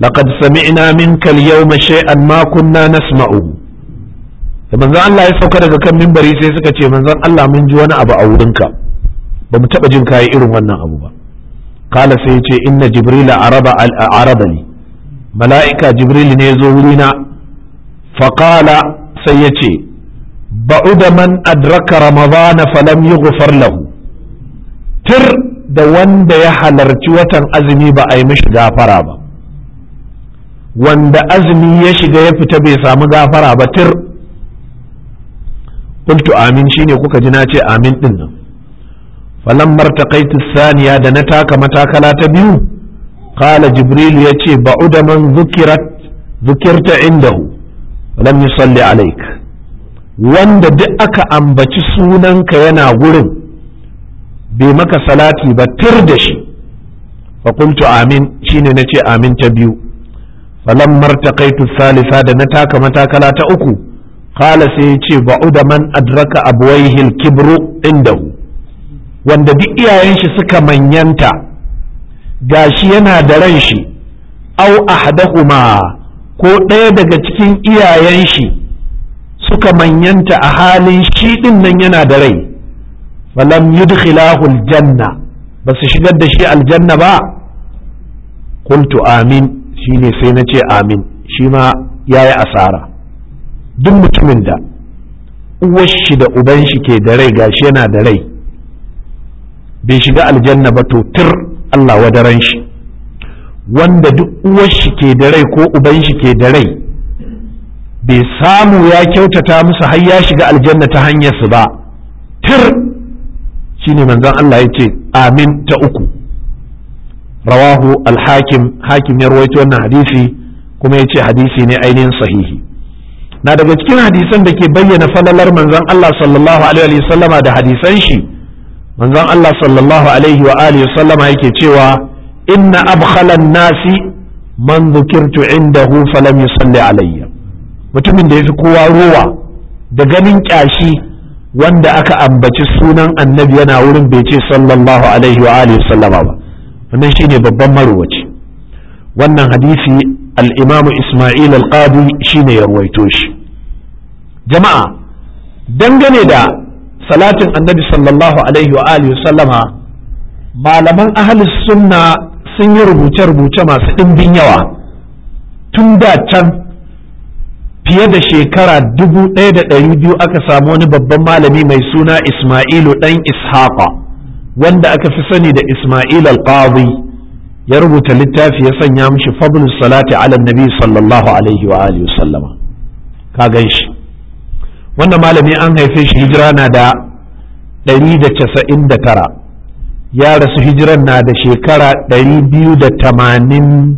laqad sami'na minka al-yawma shay'an ma kunna nasma'u da manzon Allah ya sauka daga kan mimbari sai suka ce manzon Allah mun ji wani abu a wurinka ba mu taɓa jin kayan irin wannan abu ba kala sai ce inna jibrila araba ne. mala'ika jibril ne ya zo wurina faƙala sai ya ce ba'uda man adraka ramadana falam yughfar lahu tir da wanda ya halarci watan azumi ba a yi mishi gafara ba wanda azumi ya shiga ya fita bai samu gafara ba tir Kultu amin shine kuka ji na ce amin din nan falan martaqaitu saniya da na taka matakala ta biyu qala jibril yace da man zukirat zukirta indahu lam yusalli alaik wanda duk aka ambaci sunanka yana gurin bai maka salati ba tir da shi fa qultu amin shine nace amin ta biyu falam martaqaitu salisa da na taka matakala ta uku qala sai yace da man adraka abwayhi al-kibru indahu wanda duk iyayen shi suka manyanta gashi yana da ran shi au ahdahuma ko ɗaya daga cikin iyayen shi suka manyanta a halin shi ɗin nan yana da rai falam yudkhilahu aljanna ba su shigar da shi aljanna ba qultu amin shine sai na ce amin shi ma yayi asara duk mutumin da uwar shi da uban shi ke da rai gashi yana da rai bai shiga aljanna ba to tir Allah wadaran shi wanda duk uwar shi ke da rai ko uban shi ke da rai bai samu ya kyautata musu har ya shiga aljanna ta hanyar su ba tir shine manzon Allah ya ce amin ta uku rawahu al-hakim hakim ya rawaito wannan hadisi kuma ya ce hadisi ne ainihin sahihi na daga cikin hadisan da ke bayyana falalar manzon Allah sallallahu alaihi wasallama da hadisan shi manzon Allah sallallahu alaihi wa alihi sallama yake cewa inna abkhalan nasi man dhukirtu indahu falam yusalli alayya mutumin da yafi kowa ruwa da ganin kyashi wanda aka ambaci sunan annabi yana wurin bai ce sallallahu alaihi wa alihi sallama ba wannan shine babban marwaci wannan hadisi al-imamu Isma'il al-Qadi shine ya ruwaito shi jama'a dangane da salatin annabi sallallahu alaihi wa alihi sallama malaman ahli sunna sun yi rubuce-rubuce masu ɗimbin yawa tun da can fiye da shekara dubu ɗaya da ɗari biyu aka samu wani babban malami mai suna ismailu ɗan ishaqa wanda aka fi sani da ismail al-qadi ya rubuta littafi ya sanya mishi fadlus salati ala nabi sallallahu alaihi wa alihi sallama ka gan shi wannan malami an haife shi hijira na da 199 ya rasu hijiran na da shekara 282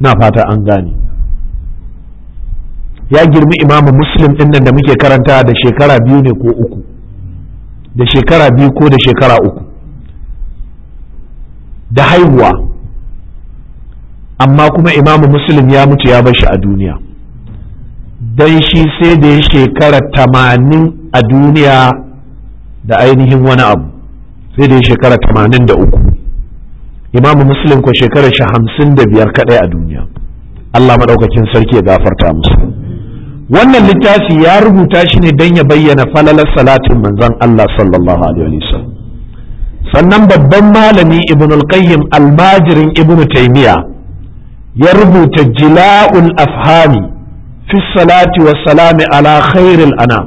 na fata an gane ya girmi imamu muslim din nan da muke karanta da shekara biyu ne ko uku da shekara biyu ko da shekara uku da haihuwa amma kuma imamu muslim ya mutu ya bar shi a duniya don shi sai da ya shekara tamanin a duniya da ainihin wani abu sai da ya shekara tamanin da uku imamu muslim ko shekarar shi hamsin da biyar kaɗai a duniya allah maɗaukakin sarki ya gafarta musu wannan littafi ya rubuta shi ne don ya bayyana falalar salatin manzon allah sallallahu alaihi wasallam sannan babban malami ibn al-qayyim almajirin ibn taymiya ya rubuta jila'ul afhami fi salati wa salami ala khairil anam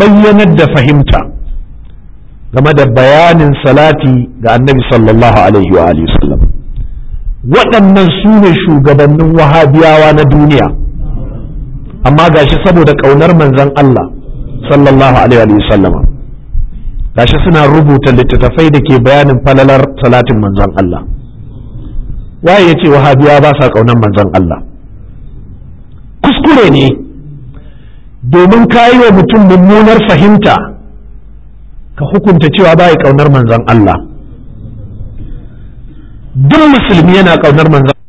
bayyanar da fahimta game da bayanin salati ga annabi sallallahu alaihi wa alihi sallam. waɗannan su ne shugabannin wahabiyawa na duniya amma gashi saboda ƙaunar manzon Allah sallallahu alaihi wa sallama gashi suna rubuta littattafai da ke bayanin falalar salatin manzon Allah waye yace wahabiya ba sa ƙaunar manzon Allah kuskure ne domin ka yi wa mutum mummunar fahimta ka hukunta cewa ba ya ƙaunar manzon Allah duk musulmi yana ƙaunar manzon